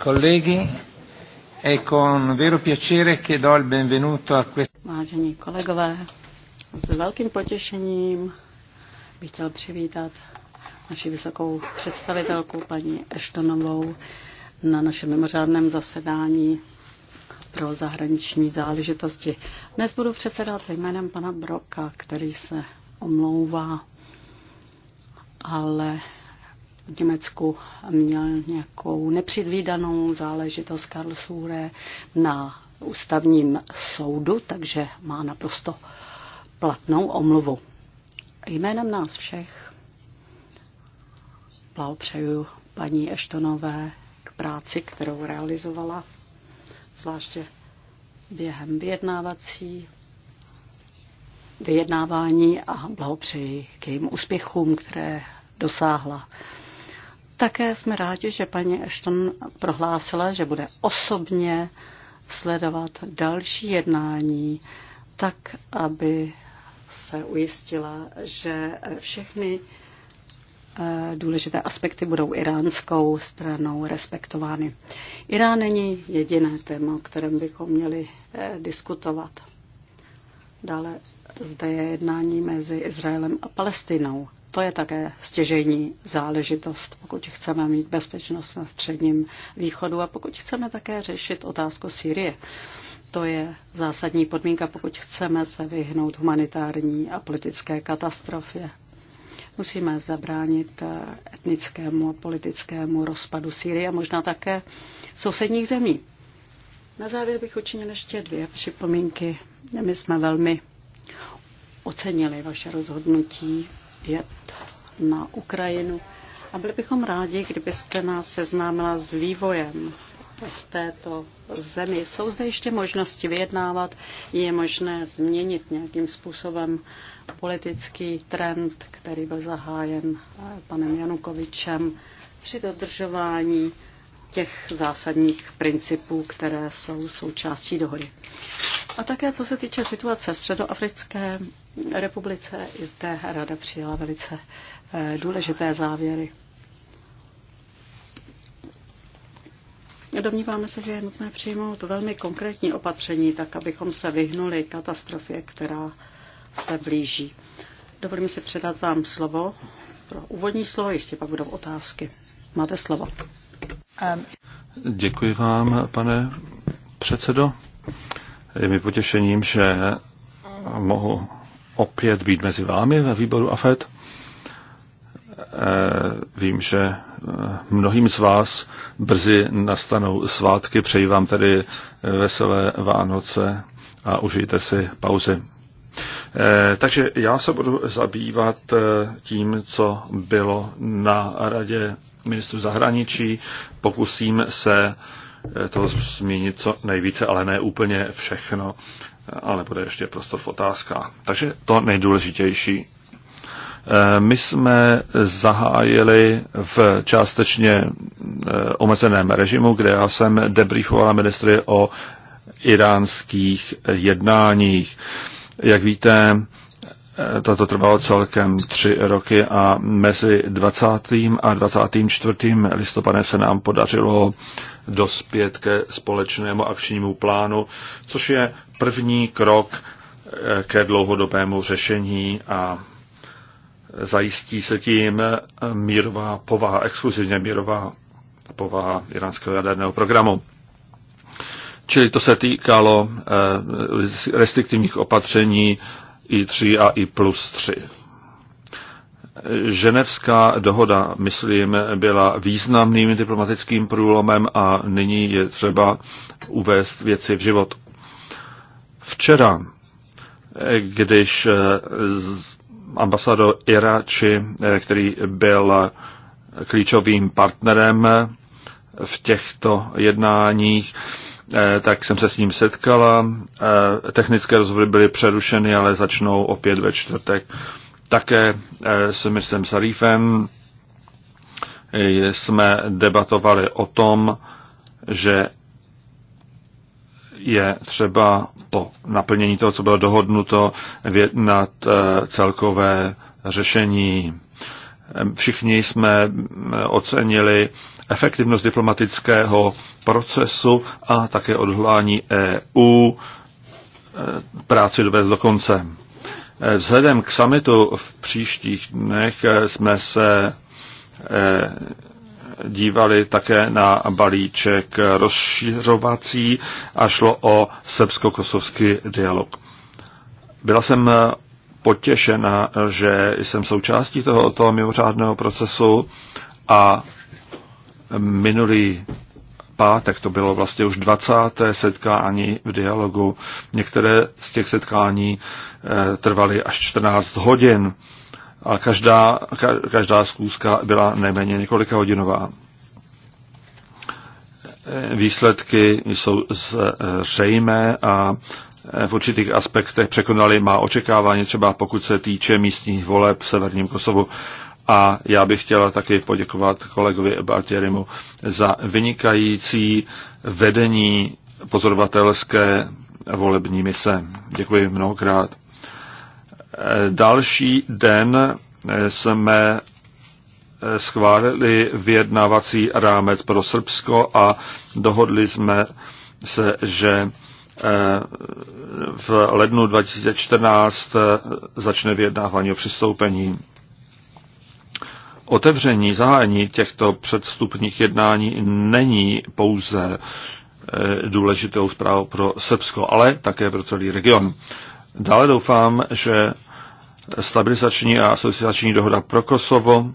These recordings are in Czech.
colleghi, è con vero piacere che do il benvenuto a questo. Vážení kolegové, s velkým potěšením bych chtěl přivítat naši vysokou představitelku paní Eštonovou na našem mimořádném zasedání pro zahraniční záležitosti. Dnes budu předsedat jménem pana Broka, který se omlouvá, ale Německu měl nějakou nepředvídanou záležitost Karlsruhe na ústavním soudu, takže má naprosto platnou omluvu. Jménem nás všech blahopřeju paní Eštonové k práci, kterou realizovala, zvláště během vyjednávací vyjednávání a blahopřeji k jejím úspěchům, které dosáhla. Také jsme rádi, že paní Ashton prohlásila, že bude osobně sledovat další jednání, tak aby se ujistila, že všechny eh, důležité aspekty budou iránskou stranou respektovány. Irán není jediné téma, o kterém bychom měli eh, diskutovat. Dále zde je jednání mezi Izraelem a Palestinou. To je také stěžejní záležitost, pokud chceme mít bezpečnost na středním východu a pokud chceme také řešit otázku Sýrie. To je zásadní podmínka, pokud chceme se vyhnout humanitární a politické katastrofě. Musíme zabránit eh, etnickému a politickému rozpadu Sýrie a možná také sousedních zemí. Na závěr bych učinil ještě dvě připomínky. My jsme velmi ocenili vaše rozhodnutí jet na Ukrajinu a byli bychom rádi, kdybyste nás seznámila s vývojem v této zemi. Jsou zde ještě možnosti vyjednávat? Je možné změnit nějakým způsobem politický trend, který byl zahájen panem Janukovičem při dodržování těch zásadních principů, které jsou součástí dohody. A také co se týče situace v Středoafrické republice i zde rada přijala velice eh, důležité závěry. Domníváme se, že je nutné přijmout velmi konkrétní opatření, tak abychom se vyhnuli katastrofě, která se blíží. Dovolím si předat vám slovo pro úvodní slovo, jistě pak budou otázky. Máte slovo. Um. Děkuji vám, pane předsedo. Je mi potěšením, že mohu opět být mezi vámi ve výboru AFED. Eh, vím, že eh, mnohým z vás brzy nastanou svátky. Přeji vám tedy eh, veselé Vánoce a užijte si pauzy. Takže já se budu zabývat tím, co bylo na radě ministru zahraničí. Pokusím se to zmínit co nejvíce, ale ne úplně všechno ale bude ještě prostor v otázkách. Takže to nejdůležitější. Eh, my jsme zahájili v částečně eh, omezeném režimu, kde já jsem debriefovala ministry o iránských jednáních. Jak víte, Eh, toto trvalo celkem tři roky a mezi 20. a 24. listopadem se nám podařilo dospět ke společnému akčnímu plánu, což je první krok eh, ke dlouhodobému řešení a zajistí se tím mírová povaha, exkluzivně mírová povaha iránského jaderného programu. Čili to se týkalo eh, restriktivních opatření i3 a I plus 3. Ženevská dohoda, myslím, byla významným diplomatickým průlomem a nyní je třeba uvést věci v život. Včera, když eh, ambasador Irači, eh, který byl eh, klíčovým partnerem v těchto jednáních, Eh, tak jsem se s ním setkala. Eh, technické rozhovory byly přerušeny, ale začnou opět ve čtvrtek. Také eh, s mistrem Sarifem jsme debatovali o tom, že je třeba po naplnění toho, co bylo dohodnuto, vědnat celkové řešení. Všichni jsme ocenili efektivnost diplomatického procesu a také odhlání EU e, práci dovést do konce. E, vzhledem k samitu v příštích dnech e, jsme se dívali také na balíček rozšiřovací a šlo o srbsko-kosovský dialog. Byla jsem potěšena, že jsem součástí tohoto mimořádného procesu a minulý pátek, to bylo vlastně už 20. setkání v dialogu. Některé z těch setkání eh, trvaly až 14 hodin a každá, každá zkouška byla nejméně několika hodinová. Eh, výsledky jsou zřejmé a eh, v určitých aspektech překonali má očekávání, třeba pokud se týče místních voleb v severním Kosovu. A já bych chtěla taky poděkovat kolegovi Bartierimu za vynikající vedení pozorovatelské volební mise. Děkuji mnohokrát. Další den jsme schválili vyjednávací rámec pro Srbsko a dohodli jsme se, že eh, v lednu 2014 eh, začne vyjednávání o přistoupení otevření, zahájení těchto předstupních jednání není pouze e, důležitou zprávou pro Srbsko, ale také pro celý region. Dále doufám, že stabilizační a asociační dohoda pro Kosovo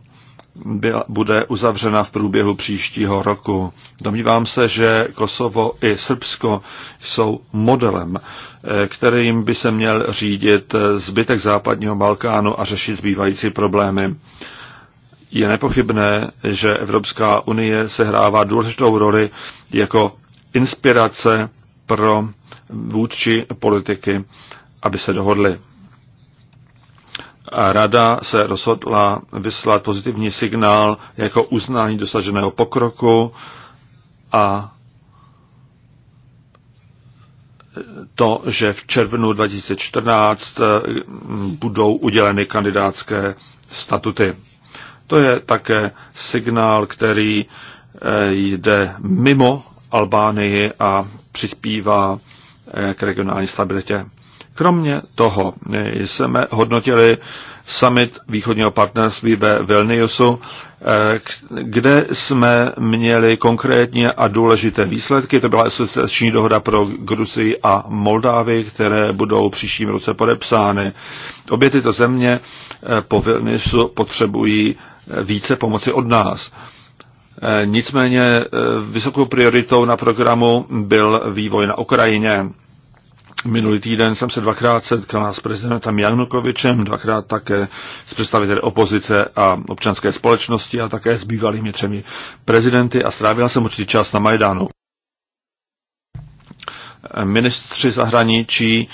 byla, bude uzavřena v průběhu příštího roku. Domnívám se, že Kosovo i Srbsko jsou modelem, e, kterým by se měl řídit zbytek západního Balkánu a řešit zbývající problémy. Je nepochybné, že Evropská unie sehrává důležitou roli jako inspirace pro vůdčí politiky, aby se dohodli. A rada se rozhodla vyslat pozitivní signál jako uznání dosaženého pokroku a to, že v červnu 2014 budou uděleny kandidátské statuty. To je také signál, který eh, jde mimo Albánii a přispívá eh, k regionální stabilitě. Kromě toho eh, jsme hodnotili summit východního partnerství ve Vilniusu, kde jsme měli konkrétně a důležité výsledky. To byla asociační dohoda pro Gruzii a Moldávii, které budou příštím roce podepsány. Obě tyto země Eh, po Vilniusu potřebují eh, více pomoci od nás. Eh, nicméně vysokou prioritou na programu byl vývoj na Ukrajině. Minulý týden jsem se dvakrát setkal s prezidentem Janukovičem, dvakrát také s představiteli opozice a občanské společnosti a také s bývalými třemi prezidenty a strávil jsem určitý čas na Majdánu. Ministři zahraničí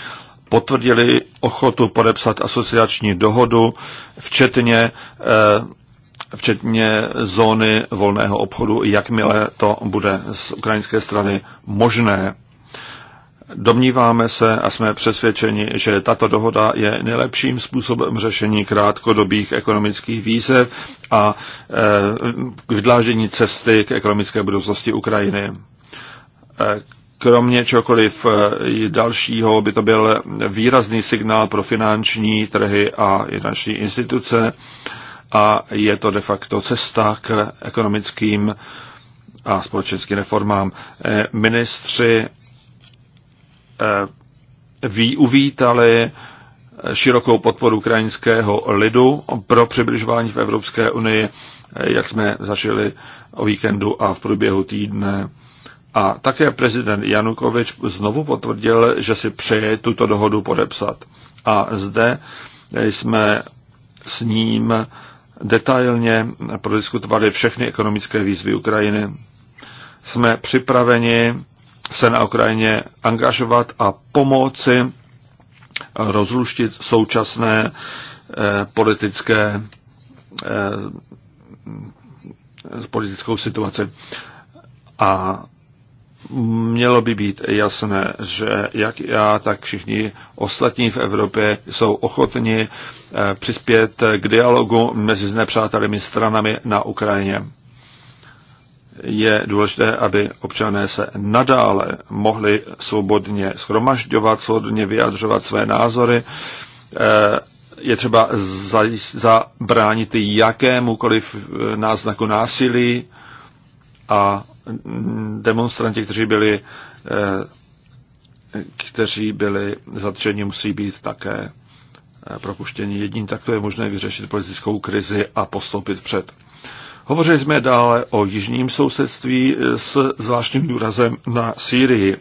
potvrdili ochotu podepsat asociační dohodu, včetně, eh, včetně zóny volného obchodu, jakmile to bude z ukrajinské strany možné. Domníváme se a jsme přesvědčeni, že tato dohoda je nejlepším způsobem řešení krátkodobých ekonomických výzev a eh, k vydlážení cesty k ekonomické budoucnosti Ukrajiny. Eh, kromě čokoliv eh, dalšího by to byl výrazný signál pro finanční trhy a finanční instituce a je to de facto cesta k ekonomickým a společenským reformám. Eh, ministři eh, ví, uvítali širokou podporu ukrajinského lidu pro přibližování v Evropské unii, jak jsme zažili o víkendu a v průběhu týdne a také prezident Janukovič znovu potvrdil, že si přeje tuto dohodu podepsat. A zde jsme s ním detailně prodiskutovali všechny ekonomické výzvy Ukrajiny. Jsme připraveni se na Ukrajině angažovat a pomoci rozluštit současné eh, politické eh, politickou situaci. A mělo by být jasné, že jak já, tak všichni ostatní v Evropě jsou ochotni eh, přispět k dialogu mezi znepřátelými stranami na Ukrajině. Je důležité, aby občané se nadále mohli svobodně schromažďovat, svobodně vyjadřovat své názory. Eh, je třeba zabránit jakémukoliv eh, náznaku násilí a demonstranti, kteří byli, eh, kteří byli zatčeni, musí být také eh, propuštěni jedním, tak to je možné vyřešit politickou krizi a postoupit před. Hovořili jsme dále o jižním sousedství s zvláštním důrazem na Sýrii,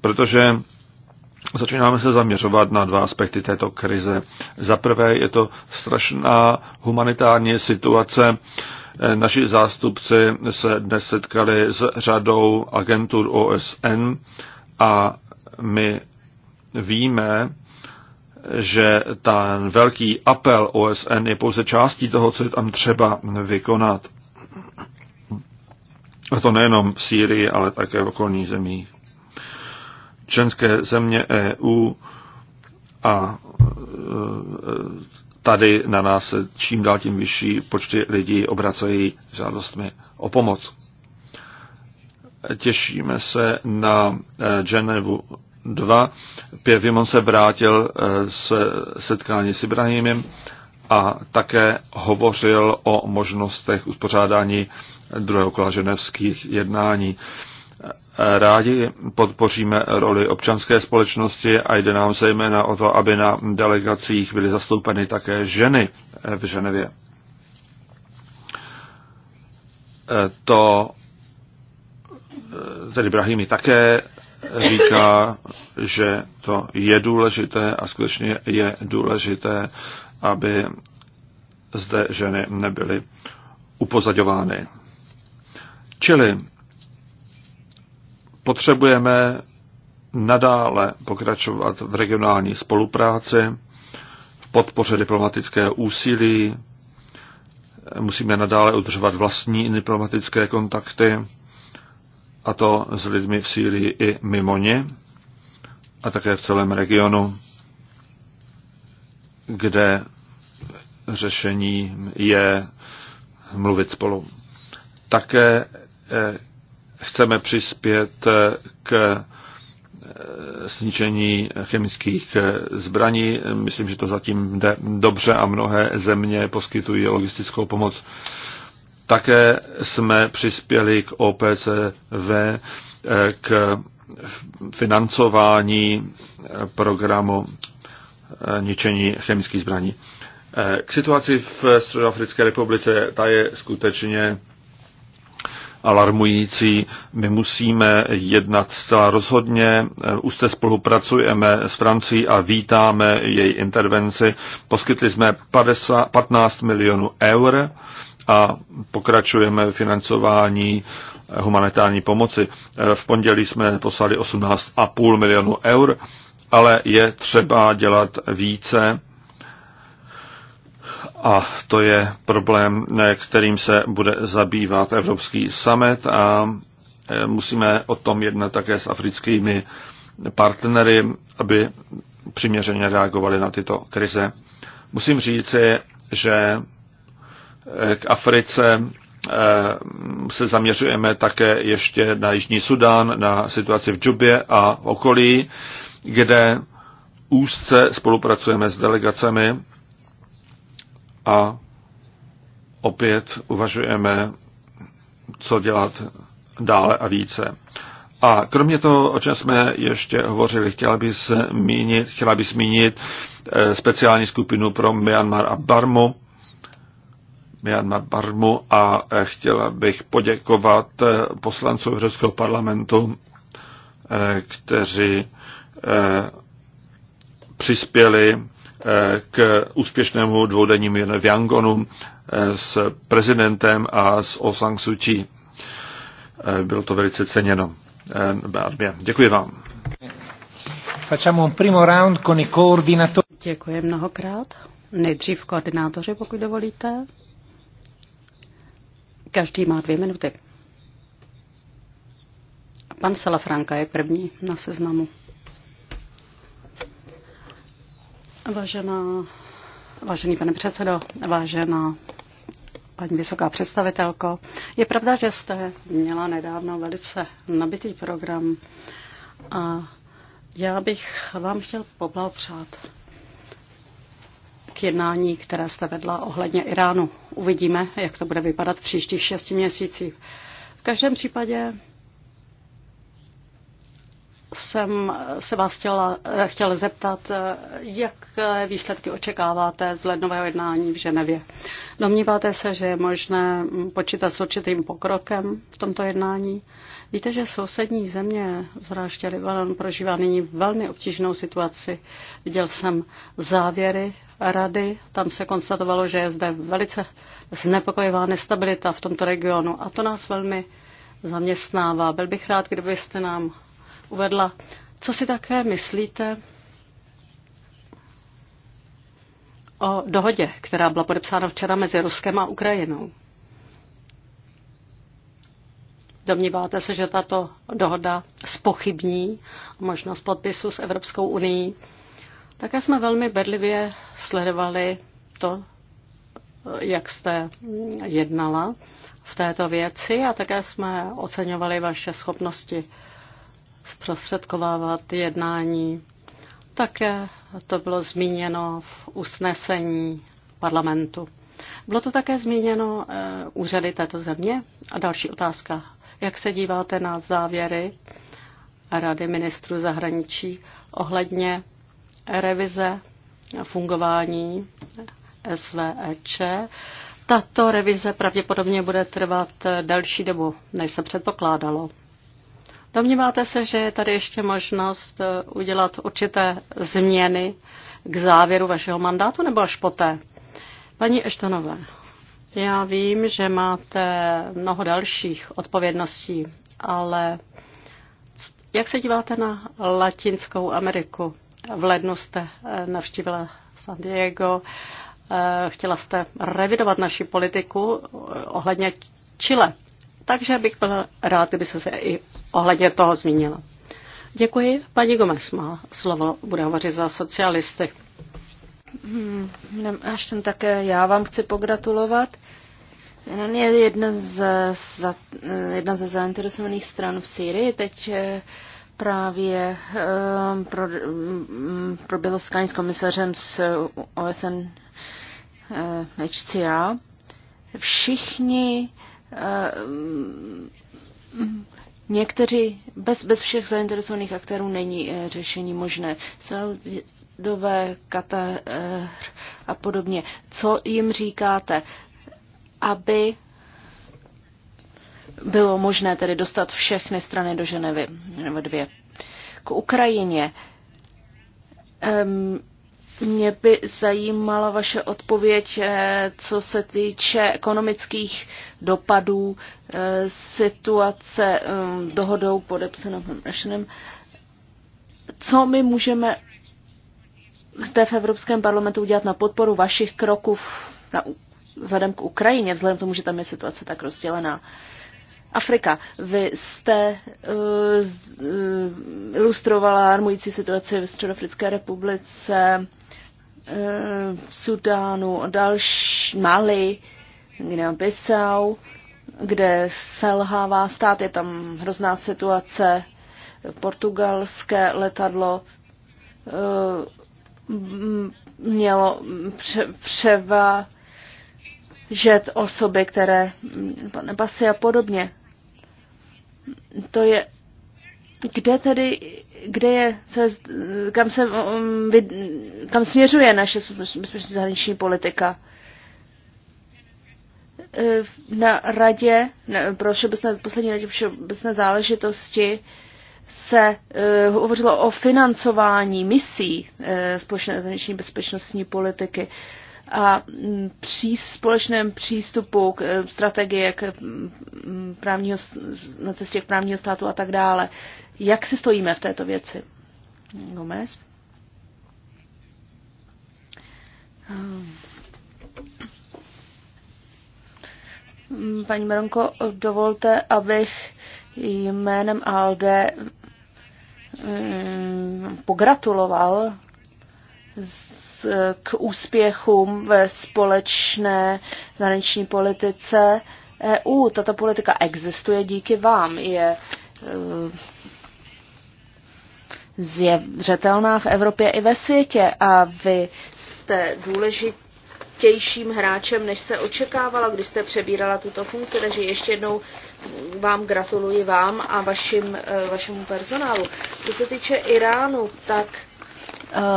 protože začínáme se zaměřovat na dva aspekty této krize. Za prvé je to strašná humanitární situace. Naši zástupci se dnes setkali s řadou agentur OSN a my víme, že ten velký apel OSN je pouze částí toho, co je tam třeba vykonat. A to nejenom v Sýrii, ale také v okolních zemích členské země EU a e, tady na nás čím dál tím vyšší počty lidí obracejí žádostmi o pomoc. Těšíme se na e, Genevu 2. Pěvimon se vrátil e, z setkání s Ibrahimem a také hovořil o možnostech uspořádání druhého kola ženevských jednání. Rádi podpoříme roli občanské společnosti a jde nám zejména o to, aby na delegacích byly zastoupeny také ženy v Ženevě. E, to e, tedy Brahimi také říká, že to je důležité a skutečně je důležité, aby zde ženy nebyly upozaďovány. Čili Potřebujeme nadále pokračovat v regionální spolupráci, v podpoře diplomatické úsilí, musíme nadále udržovat vlastní diplomatické kontakty, a to s lidmi v Sýrii i mimo ně, a také v celém regionu, kde řešení je mluvit spolu. Také eh, chceme přispět k eh, snížení chemických eh, zbraní. Myslím, že to zatím jde dobře a mnohé země poskytují logistickou pomoc. Také jsme přispěli k OPCV, eh, k financování programu ničení chemických zbraní. K situaci v Středoafrické republice, ta je skutečně alarmující. My musíme jednat zcela rozhodně. Eh, už se spolupracujeme s Francií a vítáme její intervenci. Poskytli jsme 50, 15 milionů eur a pokračujeme financování eh, humanitární pomoci. Eh, v pondělí jsme poslali 18,5 milionů eur, ale je třeba dělat více a to je problém, kterým se bude zabývat Evropský summit a e, musíme o tom jednat také s africkými partnery, aby přiměřeně reagovali na tyto krize. Musím říci, že e, k Africe e, se zaměřujeme také ještě na Jižní Sudán, na situaci v Džubě a okolí, kde úzce spolupracujeme s delegacemi a opět uvažujeme, co dělat dále a více. A kromě toho, o čem jsme ještě hovořili, chtěla bych zmínit, chtěla bych zmínit eh, speciální skupinu pro Myanmar a Barmu, Myanmar Barmu a eh, chtěla bych poděkovat eh, poslancům Evropského parlamentu, kteří přispěli k úspěšnému dvoudennímu jen v Yangonu eh, s prezidentem a s Osang Suu Kyi. Eh, bylo to velice ceněno. Eh, Děkuji vám. Děkuji mnohokrát. Nejdřív koordinátoři, pokud dovolíte. Každý má dvě minuty. Pan Salafranka je první na seznamu. Vážená, vážený pane předsedo, vážená paní vysoká představitelko, je pravda, že jste měla nedávno velice nabitý program a já bych vám chtěl poblahopřát k jednání, které jste vedla ohledně Iránu. Uvidíme, jak to bude vypadat v příštích šesti měsících. V každém případě jsem se vás chtěla, chtěla zeptat, jak výsledky očekáváte z lednového jednání v Ženevě. Domníváte se, že je možné počítat s určitým pokrokem v tomto jednání? Víte, že sousední země, zvláště Libanon, prožívá nyní velmi obtížnou situaci. Viděl jsem závěry rady, tam se konstatovalo, že je zde velice znepokojivá nestabilita v tomto regionu a to nás velmi zaměstnává. Byl bych rád, kdybyste nám uvedla. Co si také myslíte o dohodě, která byla podepsána včera mezi Ruskem a Ukrajinou? Domníváte se, že tato dohoda spochybní možnost podpisu s Evropskou unii? Také jsme velmi bedlivě sledovali to, jak jste jednala v této věci a také jsme oceňovali vaše schopnosti zprostředkovávat jednání. Také to bylo zmíněno v usnesení parlamentu. Bylo to také zmíněno eh, úřady této země? A další otázka. Jak se díváte na závěry Rady ministrů zahraničí ohledně revize fungování SVEČ? Tato revize pravděpodobně bude trvat delší dobu, než se předpokládalo. Domníváte se, že je tady ještě možnost eh, udělat určité změny k závěru vašeho mandátu nebo až poté? Paní Eštonové, já vím, že máte mnoho dalších odpovědností, ale jak se díváte na Latinskou Ameriku? V lednu jste eh, navštívila San Diego, eh, chtěla jste revidovat naši politiku ohledně Chile. Takže bych byl rád, kdyby se i ohledně toho zmínila. Děkuji. Paní Gomes má slovo, bude hovořit za socialisty. Hmm, až ten také já vám chci pogratulovat. Jenom je jedna ze, za, jedna ze zainteresovaných stran v Syrii. Teď eh, právě um, pro, um, proběhlo setkání s komisařem z OSN uh, eh, HCR. Všichni uh, Někteří, bez, bez všech zainteresovaných aktérů není e, řešení možné. Saudové, Katar e, a podobně. Co jim říkáte, aby bylo možné tedy dostat všechny strany do Ženevy, nebo dvě. K Ukrajině. Um, mě by zajímala vaše odpověď, eh, co se týče ekonomických dopadů eh, situace eh, dohodou podepsanou Našenem. Co my můžeme zde v Evropském parlamentu udělat na podporu vašich kroků na, vzhledem k Ukrajině, vzhledem k tomu, že tam je situace tak rozdělená? Afrika. Vy jste uh, ilustrovala armující situaci ve Středoafrické republice, v Sudánu, další Mali, Guinea Bissau, kde selhává stát, je tam hrozná situace, portugalské letadlo eh, mělo pře- převa žet osoby, které mm, nebasy a podobně. To je kde tedy, kde je, co je kam, se, um, vy, kam směřuje naše bezpečnostní zahraniční politika? E, na radě, ne, pro všeobecné, poslední radě všeobecné záležitosti se uh, hovořilo o financování misí uh, společné zahraniční bezpečnostní politiky a při společném přístupu k strategie, k právního, na cestě k právního státu a tak dále. Jak si stojíme v této věci? Gomez? Ehm. Paní Maronko, dovolte, abych jménem Alde ehm, pogratuloval k úspěchům ve společné zahraniční politice EU. Tato politika existuje díky vám. Je ehm, zjevřetelná v Evropě i ve světě a vy jste důležitějším hráčem, než se očekávalo, když jste přebírala tuto funkci, takže ještě jednou vám gratuluji vám a vašim, eh, vašemu personálu. Co se týče Iránu, tak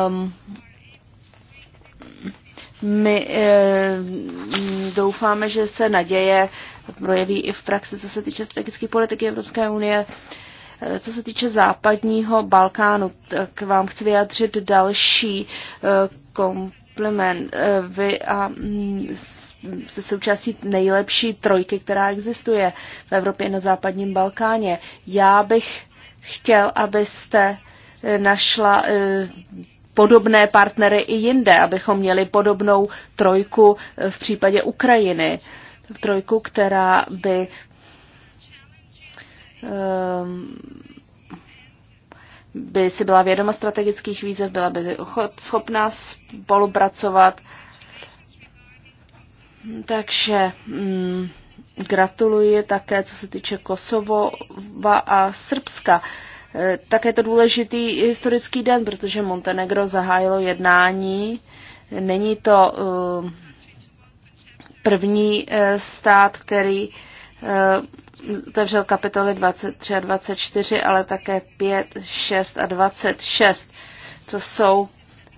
um, my um, doufáme, že se naděje projeví i v praxi, co se týče strategické politiky Evropské unie. Um, Eh, co se týče západního Balkánu, tak vám chci vyjádřit další eh, kompliment. Eh, vy a mm, jste součástí nejlepší trojky, která existuje v Evropě na západním Balkáně. Já bych chtěl, abyste našla podobné partnery i jinde, abychom měli podobnou trojku v případě Ukrajiny. Trojku, která by Ehm, by si byla vědoma strategických výzev, byla by schopná spolupracovat. Takže mm, gratuluji také, co se týče Kosova a Srbska. E, také je to důležitý historický den, protože Montenegro zahájilo jednání. Není to ehm, první e, stát, který Eh, otevřel kapitoly 23 a 24, ale také 5, 6 a 26. To jsou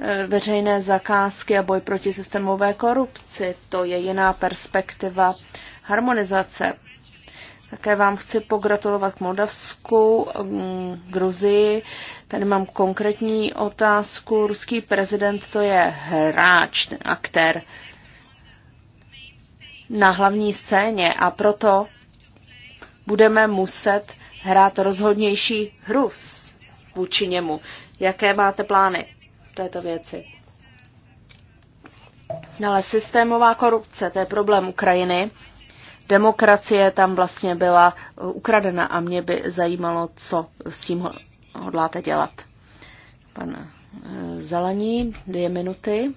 eh, veřejné zakázky a boj proti systémové korupci. To je jiná perspektiva harmonizace. Také vám chci pogratulovat k Moldavsku, mm, Gruzii. Tady mám konkrétní otázku. Ruský prezident to je hráč, aktér na hlavní scéně a proto budeme muset hrát rozhodnější hru vůči němu. Jaké máte plány v této věci? Ale systémová korupce, to je problém Ukrajiny. Demokracie tam vlastně byla eh, ukradena a mě by zajímalo, co s tím hodláte dělat. Pan eh, Zelení, dvě minuty.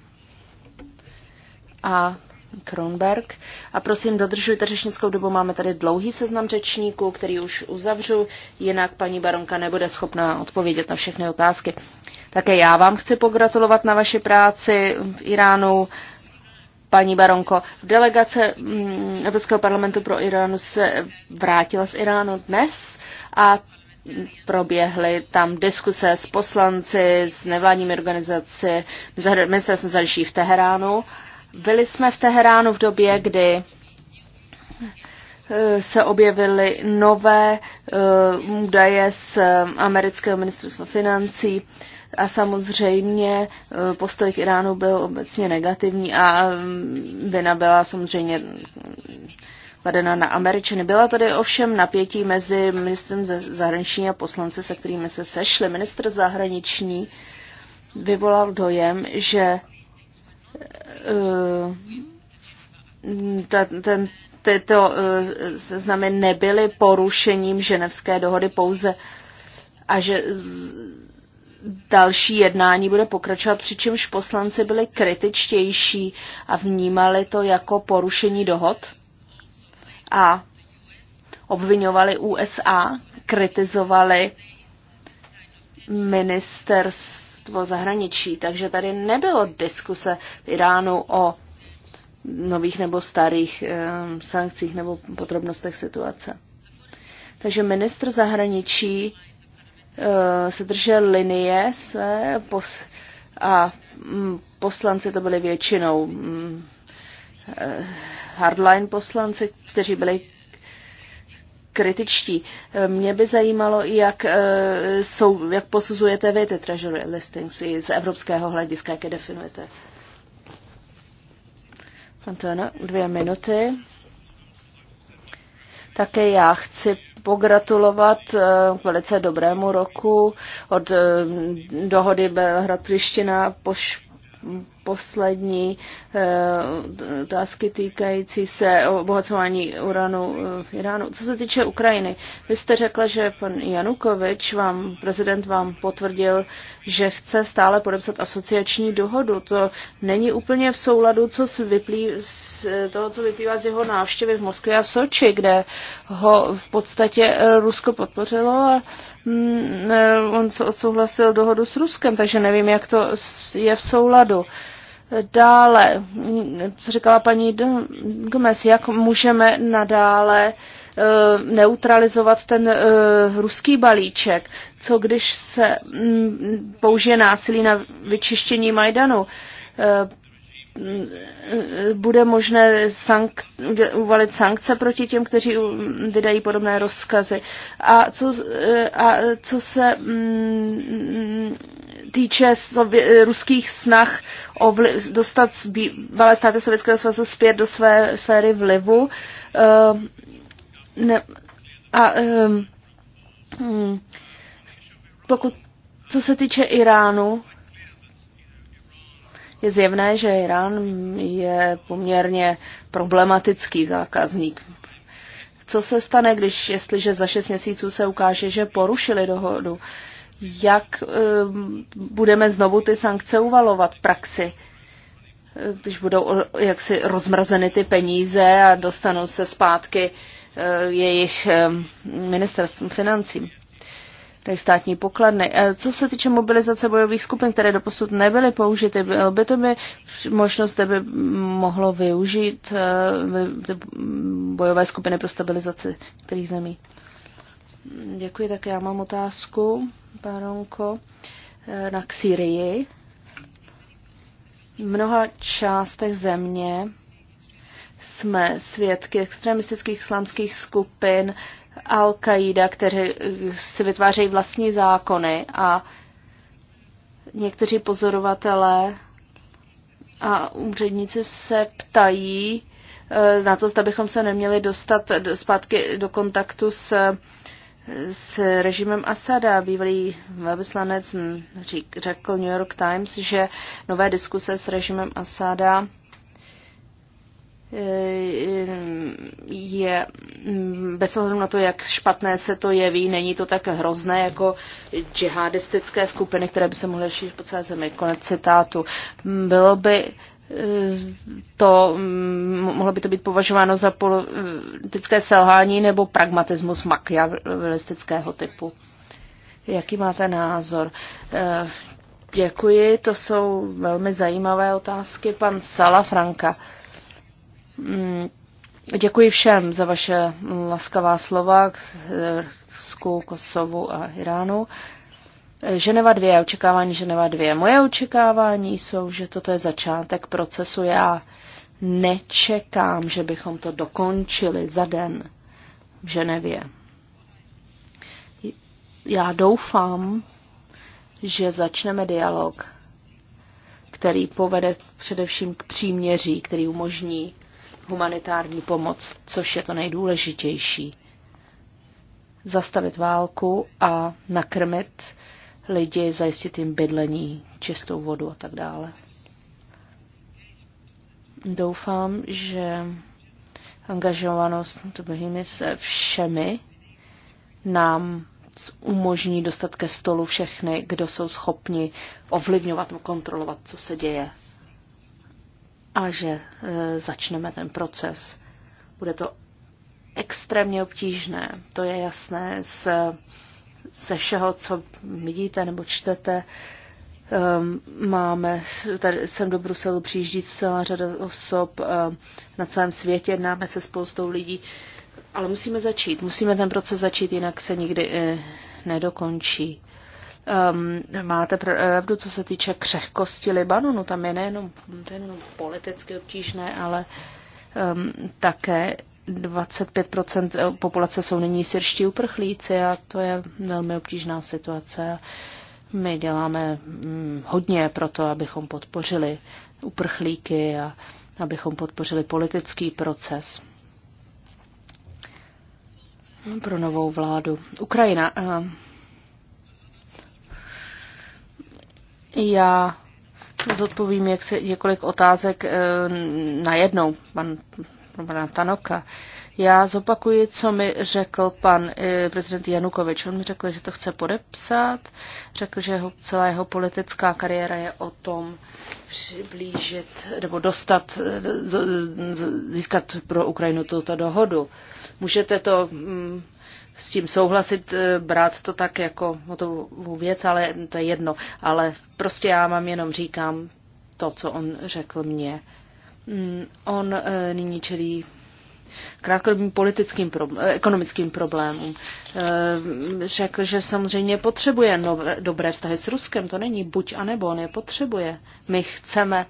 A Kronberg. A prosím, dodržujte řečnickou dobu. Máme tady dlouhý seznam řečníků, který už uzavřu, jinak paní baronka nebude schopná odpovědět na všechny otázky. Také já vám chci pogratulovat na vaši práci v Iránu. Paní Baronko, delegace mm, Evropského parlamentu pro Iránu se vrátila z Iránu dnes a proběhly tam diskuse s poslanci, s nevládními organizacemi, ministerstvem zahraničí v Teheránu. Byli jsme v Teheránu v době, kdy eh, se objevily nové eh, údaje z eh, amerického ministerstva financí a samozřejmě postoj k Iránu byl obecně negativní a mm, vina byla samozřejmě kladena na Američany. Byla tady ovšem napětí mezi ministrem zahraniční a poslanci, se kterými se sešli. Ministr zahraniční vyvolal dojem, že Eh, ta, ten, tyto eh, seznamy nebyly porušením ženevské dohody pouze a že další jednání bude pokračovat, přičemž poslanci byli kritičtější a vnímali to jako porušení dohod a obvinovali USA, kritizovali ministers, ministerstvo zahraničí, takže tady nebylo diskuse v Iránu o nových nebo starých eh, sankcích nebo podrobnostech situace. Takže ministr zahraničí eh, se držel linie své a mm, poslanci to byli většinou mm, eh, hardline poslanci, kteří byli kritičtí. Eh, mě by zajímalo, jak, eh, jsou, jak posuzujete vy ty treasury listings z evropského hlediska, jak je definujete. Antona, dvě minuty. Také já chci pogratulovat eh, k velice dobrému roku od dohody Belhrad-Priština poslední eh, otázky týkající se obohacování uranu eh, v Iránu. Co se týče Ukrajiny, vy jste řekla, že pan Janukovič, vám, prezident vám potvrdil, že chce stále podepsat asociační dohodu. To není úplně v souladu co se vyplý, z eh, toho, co vyplývá z jeho návštěvy v Moskvě a Soči, kde ho v podstatě Rusko podpořilo a mm, on se odsouhlasil dohodu s Ruskem, takže nevím, jak to je v souladu. Dále, co říkala paní Gomez, jak můžeme nadále eh, neutralizovat ten eh, ruský balíček, co když se mm, použije násilí na vyčištění Majdanu. Eh, bude možné sank, uvalit sankce proti těm, kteří vydají podobné rozkazy. A co, a co se mm, týče ruských snah o dostat z bývalé státy Sovětského svazu zpět do své sféry vlivu, eh, ne, a um, pokud co se týče Iránu, je zjevné, že Irán je poměrně problematický zákazník. Co se stane, když, jestliže za šest měsíců se ukáže, že porušili dohodu? Jak e, budeme znovu ty sankce uvalovat v praxi? Eh, když budou eh, jaksi rozmrazeny ty peníze a dostanou se zpátky e, jejich e, ministerstvům financí než státní pokladny. E, co se týče mobilizace bojových skupin, které doposud nebyly použity, byl by to by možnost, by mohlo využít e, bojové skupiny pro stabilizaci kterých zemí. Děkuji, tak já mám otázku, baronko, e, na k Syrii. V mnoha částech země jsme svědky extremistických islámských skupin, Al-Qaida, kteří si vytvářejí vlastní zákony a někteří pozorovatelé a úředníci se ptají eh, na to, zda bychom se neměli dostat zpátky do kontaktu s, s režimem Asada. Bývalý velvyslanec řekl New York Times, že nové diskuse s režimem Asada je bez ohledu na to, jak špatné se to jeví, není to tak hrozné jako džihadistické skupiny, které by se mohly šířit po celé zemi. Konec citátu. Bylo by eh, to, mm, mohlo by to být považováno za politické selhání nebo pragmatismus makiavelistického typu. Jaký máte názor? Eh, děkuji, to jsou velmi zajímavé otázky. Pan Sala Franka. Mm, děkuji všem za vaše laskavá slova k Srbsku, Kosovu a Iránu. Ženeva 2, očekávání Ženeva 2. Moje očekávání jsou, že toto je začátek procesu. Já nečekám, že bychom to dokončili za den v Ženevě. Já doufám, že začneme dialog, který povede především k příměří, který umožní humanitární pomoc, což je to nejdůležitější. Zastavit válku a nakrmit lidi, zajistit jim bydlení, čistou vodu a tak dále. Doufám, že angažovanost Tobohými se všemi nám umožní dostat ke stolu všechny, kdo jsou schopni ovlivňovat a kontrolovat, co se děje a že e, začneme ten proces. Bude to extrémně obtížné, to je jasné, z, ze všeho, co vidíte nebo čtete. Um, máme, tady sem do Bruselu přijíždí celá řada osob um, na celém světě, jednáme se spoustou lidí, ale musíme začít, musíme ten proces začít, jinak se nikdy e, nedokončí. Um, máte pravdu, co se týče křehkosti Libanonu. Tam je nejenom, to je nejenom politicky obtížné, ale um, také 25 populace jsou nyní syrští uprchlíci a to je velmi obtížná situace. My děláme mm, hodně pro to, abychom podpořili uprchlíky a abychom podpořili politický proces pro novou vládu. Ukrajina. Ehm, Já zodpovím jak se, několik otázek e, najednou, pan, pan Tanoka. Já zopakuji, co mi řekl pan e, prezident Janukovič. On mi řekl, že to chce podepsat, řekl, že jeho, celá jeho politická kariéra je o tom přiblížit nebo dostat, eh, získat pro Ukrajinu tuto dohodu. Můžete to mm, s tím souhlasit, eh, brát to tak jako hotovou věc, ale to je jedno. Ale prostě já vám jenom říkám to, co on řekl mně. Mm, on eh, nyní čelí krátkodobým politickým problém, eh, ekonomickým problémům. Řekl, že samozřejmě potřebuje nové, dobré vztahy s Ruskem. To není buď a nebo, on je potřebuje. My chceme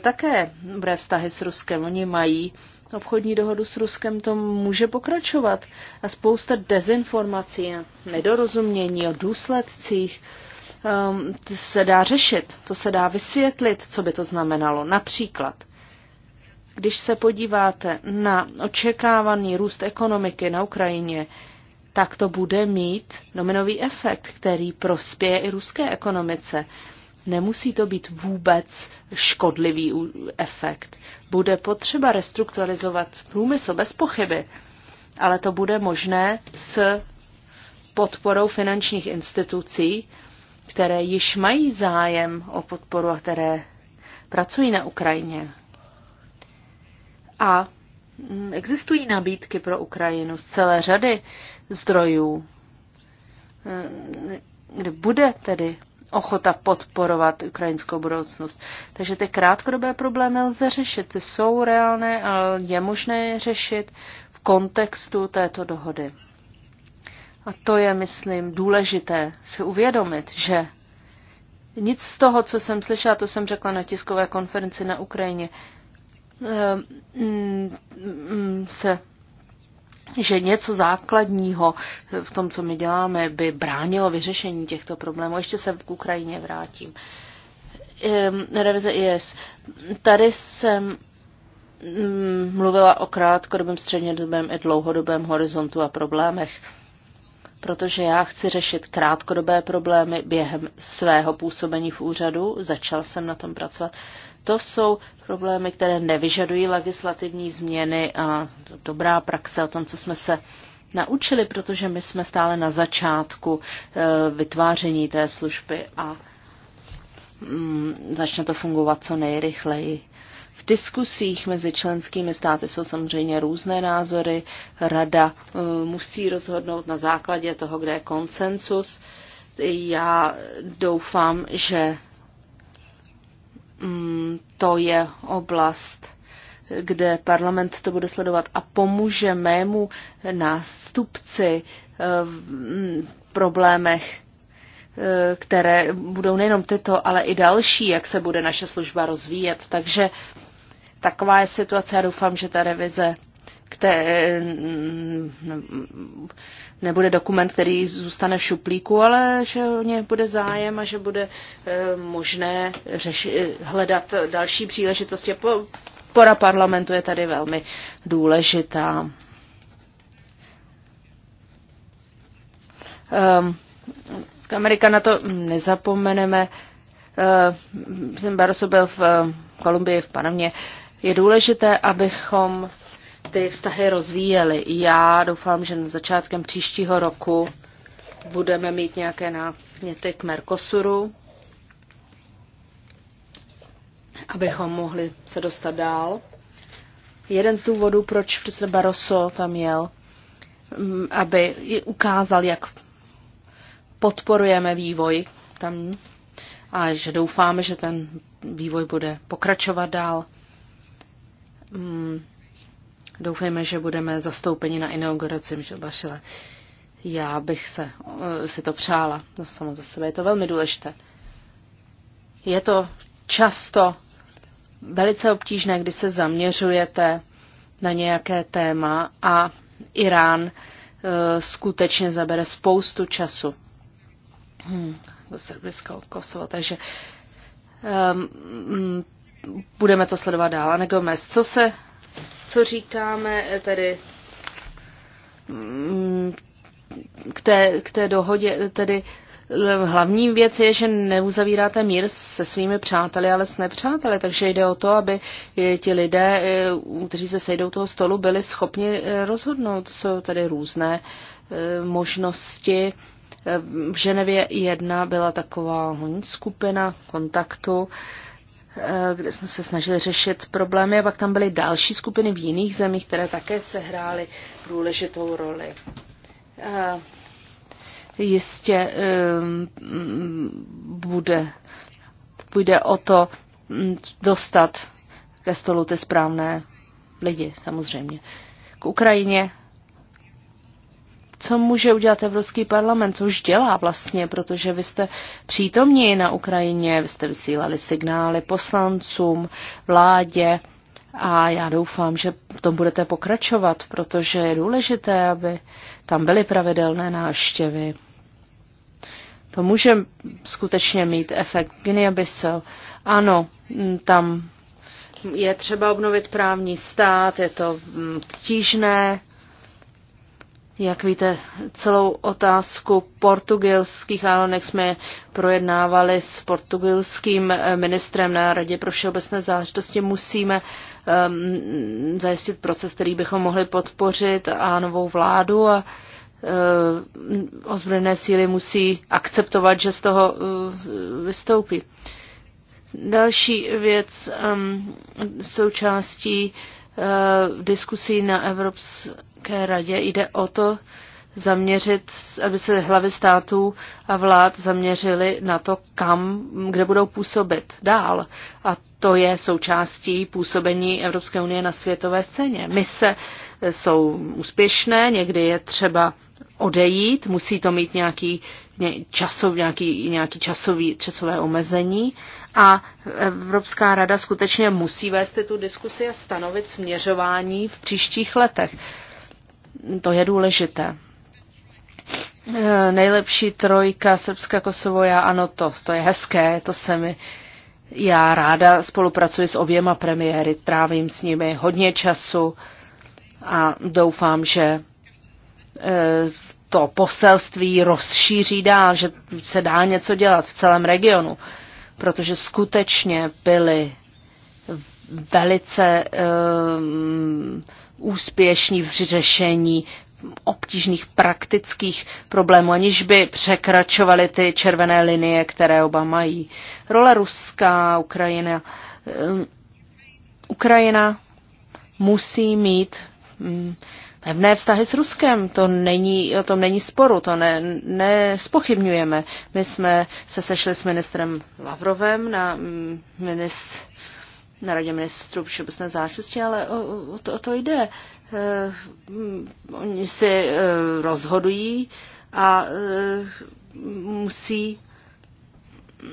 také dobré vztahy s Ruskem. Oni mají obchodní dohodu s Ruskem, to může pokračovat. A spousta dezinformací, nedorozumění o důsledcích um, se dá řešit, to se dá vysvětlit, co by to znamenalo. Například, když se podíváte na očekávaný růst ekonomiky na Ukrajině, tak to bude mít nominový efekt, který prospěje i ruské ekonomice. Nemusí to být vůbec škodlivý efekt. Bude potřeba restrukturalizovat průmysl bez pochyby, ale to bude možné s podporou finančních institucí, které již mají zájem o podporu a které pracují na Ukrajině. A mm, existují nabídky pro Ukrajinu z celé řady zdrojů. kde bude tedy ochota podporovat ukrajinskou budoucnost. Takže ty krátkodobé problémy lze řešit, ty jsou reálné, ale je možné je řešit v kontextu této dohody. A to je, myslím, důležité si uvědomit, že nic z toho, co jsem slyšela, to jsem řekla na tiskové konferenci na Ukrajině, eh, mm, mm, se že něco základního v tom, co my děláme, by bránilo vyřešení těchto problémů. Ještě se k Ukrajině vrátím. Ehm, revize IS. Tady jsem mm, mluvila o krátkodobém, střednědobém i dlouhodobém horizontu a problémech protože já chci řešit krátkodobé problémy během svého působení v úřadu, začal jsem na tom pracovat. To jsou problémy, které nevyžadují legislativní změny a dobrá praxe o tom, co jsme se naučili, protože my jsme stále na začátku eh, vytváření té služby a mm, začne to fungovat co nejrychleji. V diskusích mezi členskými státy jsou samozřejmě různé názory. Rada eh, musí rozhodnout na základě toho, kde je konsensus. Já doufám, že mm, to je oblast, kde parlament to bude sledovat a pomůže mému nástupci eh, v mm, problémech, eh, které budou nejenom tyto, ale i další, jak se bude naše služba rozvíjet. Takže Taková je situace. a doufám, že ta revize nebude dokument, který zůstane v šuplíku, ale že o ně bude zájem a že bude eh, možné řeši, hledat další příležitosti. Pora parlamentu je tady velmi důležitá. Um, Amerika na to nezapomeneme. Ehm, jsem Barroso byl v eh, Kolumbii, v Panamě. Je důležité, abychom ty vztahy rozvíjeli. Já doufám, že na začátkem příštího roku budeme mít nějaké náměty k Mercosuru, abychom mohli se dostat dál. Jeden z důvodů, proč předseda Barroso tam jel, mm, aby ukázal, jak podporujeme vývoj tam a že doufáme, že ten vývoj bude pokračovat dál. Mm, doufejme, že budeme zastoupeni na inauguraci Michel Bašile. Já bych se, eh, si to přála no, samo za sebe. Je to velmi důležité. Je to často velice obtížné, když se zaměřujete na nějaké téma a Irán uh, skutečně zabere spoustu času hmm, do Srbiska, Kosova. Takže um, budeme to sledovat dál. Ane Gomez, co se, co říkáme eh, tedy mm, k té, k té dohodě, eh, tedy hlavní věc je, že neuzavíráte mír se svými přáteli, ale s nepřáteli, takže jde o to, aby eh, ti lidé, kteří se sejdou toho stolu, byli schopni rozhodnout. Jsou tady různé možnosti. V Ženevě jedna byla taková skupina kontaktu, Eh, kde jsme se snažili řešit problémy a pak tam byly další skupiny v jiných zemích, které také sehrály důležitou roli. Eh, jistě eh, bude, půjde o to mm, dostat ke stolu ty správné lidi, samozřejmě. K Ukrajině co může udělat Evropský parlament, což dělá vlastně, protože vy jste přítomní na Ukrajině, vy jste vysílali signály poslancům, vládě a já doufám, že v tom budete pokračovat, protože je důležité, aby tam byly pravidelné návštěvy. To může skutečně mít efekt. Guinea Bissau, ano, tam je třeba obnovit právní stát, je to tížné, jak víte, celou otázku portugalských alonek jsme projednávali s portugalským eh, ministrem na Radě pro všeobecné záležitosti. Musíme um, zajistit proces, který bychom mohli podpořit a novou vládu a uh, ozbrojené síly musí akceptovat, že z toho uh, vystoupí. Další věc um, součástí uh, diskusí na Evropské Evropské radě jde o to zaměřit, aby se hlavy států a vlád zaměřily na to, kam, kde budou působit dál. A to je součástí působení Evropské unie na světové scéně. Mise jsou úspěšné, někdy je třeba odejít, musí to mít nějaký, časov, nějaký, nějaký časový, časové omezení a Evropská rada skutečně musí vést tu diskusi a stanovit směřování v příštích letech. To je důležité. Eh, nejlepší trojka Srbska, Kosovo, já ano, to, to je hezké, to se mi... Já ráda spolupracuji s oběma premiéry, trávím s nimi hodně času a doufám, že eh, to poselství rozšíří dál, že se dá něco dělat v celém regionu, protože skutečně byly velice um, úspěšní v řešení obtížných praktických problémů, aniž by překračovaly ty červené linie, které oba mají. Role Ruska, Ukrajina. Ehm, Ukrajina musí mít hm, pevné vztahy s Ruskem. To není, o tom není sporu, to ne, nespochybňujeme. My jsme se sešli s ministrem Lavrovem na hm, ministr na radě ministrů všeobecné záležitosti, ale o, o, to, o to jde. Uh, oni si uh, rozhodují a uh, musí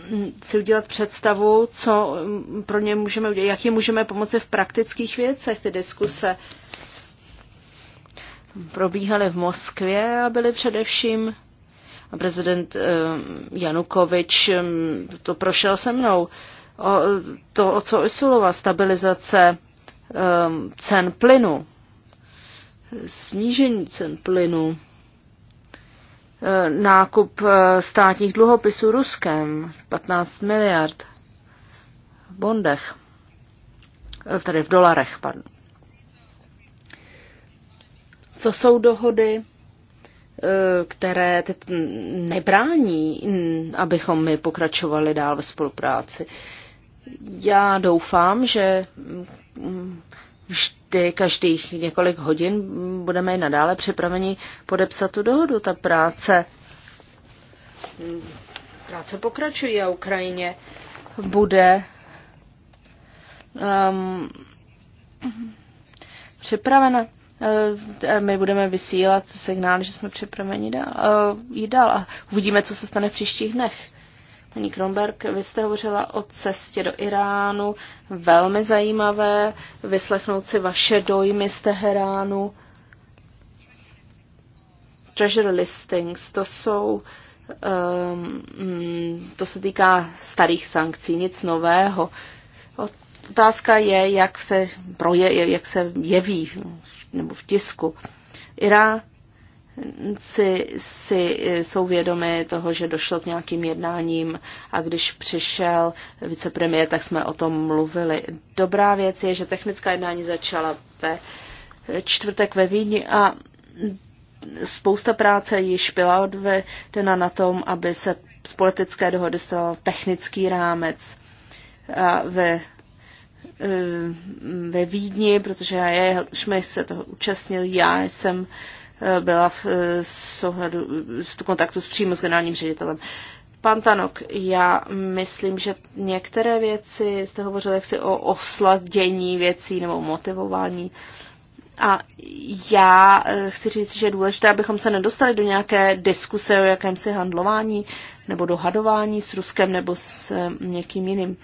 hm, si udělat představu, co hm, pro ně můžeme udělat, jak jim můžeme pomoci v praktických věcech. Ty diskuse probíhaly v Moskvě a byly především a prezident Janukovič to prošel se mnou to, o co usilovala stabilizace um, cen plynu, snížení cen plynu, uh, nákup uh, státních dluhopisů Ruskem 15 miliard v bondech, eh, tedy v dolarech, pardon. To jsou dohody, eh, které nebrání, abychom my pokračovali dál ve spolupráci. Já doufám, že mm, vždy každých několik hodin budeme i nadále připraveni podepsat tu dohodu. Ta práce, mm, práce pokračuje a Ukrajině bude um, připravena. Eh, my budeme vysílat signál, že jsme připraveni dál, eh, jít dál a uvidíme, co se stane v příštích dnech. Paní Kronberg, vy jste hovořila o cestě do Iránu. Velmi zajímavé vyslechnout si vaše dojmy z Teheránu. Treasure listings, to jsou, um, mm, to se týká starých sankcí, nic nového. Otázka je, jak se, proje, jak se jeví nebo v tisku. Irán si, si eh, jsou vědomi toho, že došlo k nějakým jednáním a když přišel vicepremiér, tak jsme o tom mluvili. Dobrá věc je, že technická jednání začala ve čtvrtek ve Vídni a spousta práce již byla odvedena na tom, aby se z politické dohody stal technický rámec a ve eh, ve Vídni, protože já je, jsme se toho účastnil, já jsem byla v, eh, souhledu, v kontaktu s přímo s generálním ředitelem. Pan Tanok, já myslím, že některé věci, jste hovořil jaksi o osladění věcí nebo motivování, a já eh, chci říct, že je důležité, abychom se nedostali do nějaké diskuse o jakémsi handlování nebo dohadování s Ruskem nebo s eh, někým jiným.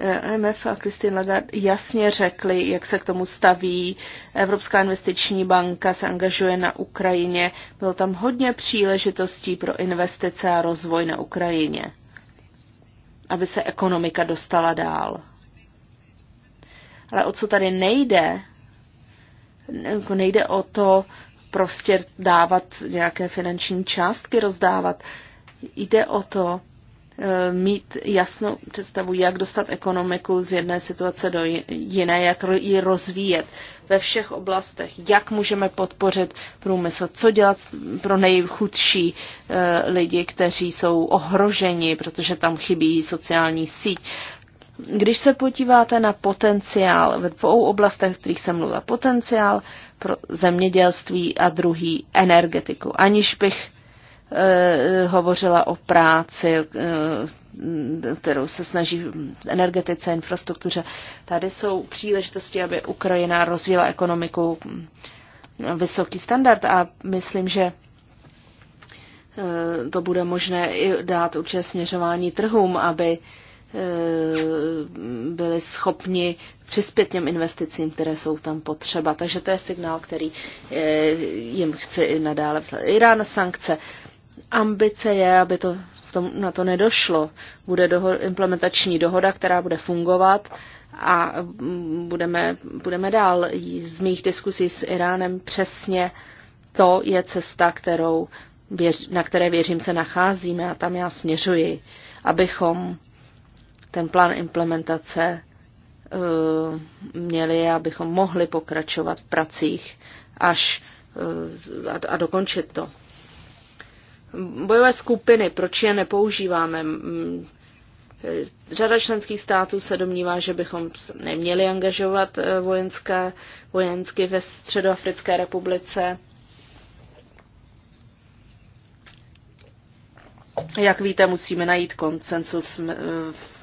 E MF a Christine Lagarde jasně řekli, jak se k tomu staví. Evropská investiční banka se angažuje na Ukrajině. Bylo tam hodně příležitostí pro investice a rozvoj na Ukrajině, aby se ekonomika dostala dál. Ale o co tady nejde, jako nejde o to prostě dávat nějaké finanční částky, rozdávat. Jde o to, Eh, mít jasnou představu, jak dostat ekonomiku z jedné situace do jiné, jak ji rozvíjet ve všech oblastech, jak můžeme podpořit průmysl, co dělat pro nejchudší eh, lidi, kteří jsou ohroženi, protože tam chybí sociální síť. Když se podíváte na potenciál ve dvou oblastech, o kterých jsem mluvila, potenciál pro zemědělství a druhý energetiku, aniž bych Eh, hovořila o práci, eh, kterou se snaží v energetice, infrastruktuře. Tady jsou příležitosti, aby Ukrajina rozvíjela ekonomiku mm, vysoký standard a myslím, že eh, to bude možné i dát určitě směřování trhům, aby byli schopni přispět těm investicím, které jsou tam potřeba. Takže to je signál, který jim chci i nadále vzhledat. Irán sankce ambice je, aby to, tom, na to nedošlo. Bude doho- implementační dohoda, která bude fungovat a budeme, budeme dál. Z mých diskusí s Iránem přesně to je cesta, kterou věř, na které věřím se nacházíme a tam já směřuji, abychom ten plán implementace eh, měli, abychom mohli pokračovat v pracích až eh, a, a dokončit to. Bojové skupiny, proč je nepoužíváme? Eh, řada členských států se domnívá, že bychom neměli angažovat eh, vojenské, vojensky ve Středoafrické republice. Jak víte, musíme najít koncensus eh,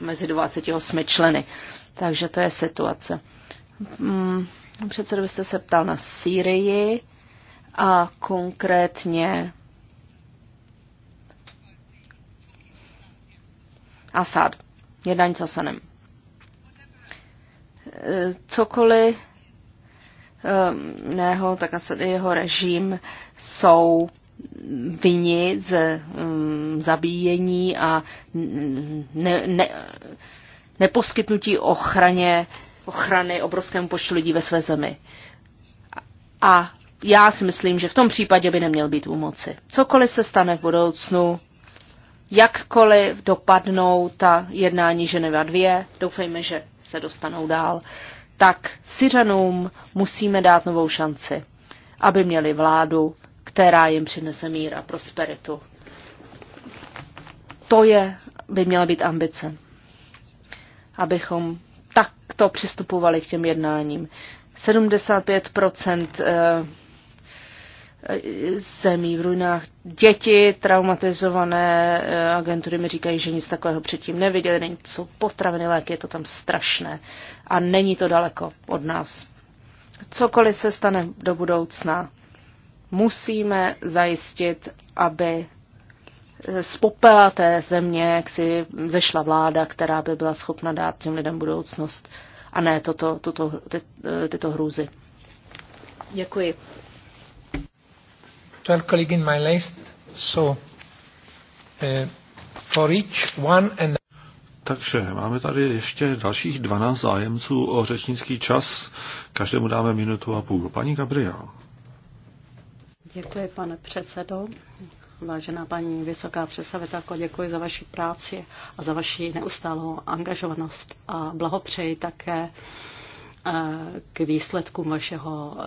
mezi 28 členy. Takže to je situace. Mm, předsedo, byste se ptal na Sýrii a konkrétně Asad, jednání s Asanem. Cokoliv ehm, neho, tak Asad i jeho režim jsou vyni z um, zabíjení a ne, ne, neposkytnutí ochraně, ochrany obrovskému počtu lidí ve své zemi. A já si myslím, že v tom případě by neměl být u moci. Cokoliv se stane v budoucnu, jakkoliv dopadnou ta jednání Ženeva 2, doufejme, že se dostanou dál, tak Syřanům musíme dát novou šanci, aby měli vládu, která jim přinese mír a prosperitu. To je, by měla být ambice, abychom takto přistupovali k těm jednáním. 75 zemí v ruinách. Děti traumatizované, eh, agentury mi říkají, že nic takového předtím neviděli, není to, jsou potraviny, léky, je to tam strašné. A není to daleko od nás. Cokoliv se stane do budoucna, musíme zajistit, aby eh, z popela té země jak si zešla vláda, která by byla schopna dát těm lidem budoucnost a ne toto, toto, ty, eh, tyto hrůzy. Děkuji. 12 colleagues in my list, so uh, for each one and takže máme tady ještě dalších 12 zájemců o řečnický čas. Každému dáme minutu a půl. Paní Gabriel. Děkuji, pane předsedo. Vážená paní vysoká představitelko, děkuji za vaši práci a za vaši neustálou angažovanost a blahopřeji také k výsledkům vašeho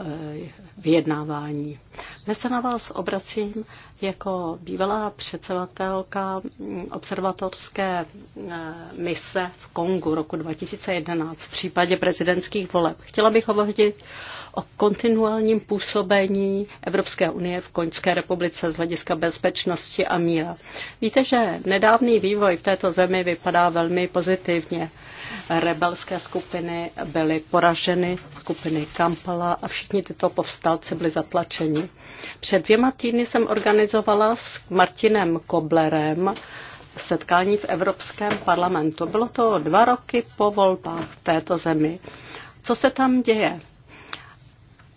eh, vyjednávání. Dnes se na vás obracím jako bývalá předsedatelka mm, observatorské eh, mise v Kongu roku 2011 v případě prezidentských voleb. Chtěla bych hovořit o kontinuálním působení Evropské unie v Koňské republice z hlediska bezpečnosti a míra. Víte, že nedávný vývoj v této zemi vypadá velmi pozitivně rebelské skupiny byly poraženy, skupiny Kampala a všichni tyto povstalci byli zatlačeni. Před dvěma týdny jsem organizovala s Martinem Koblerem setkání v Evropském parlamentu. Bylo to dva roky po volbách v této zemi. Co se tam děje?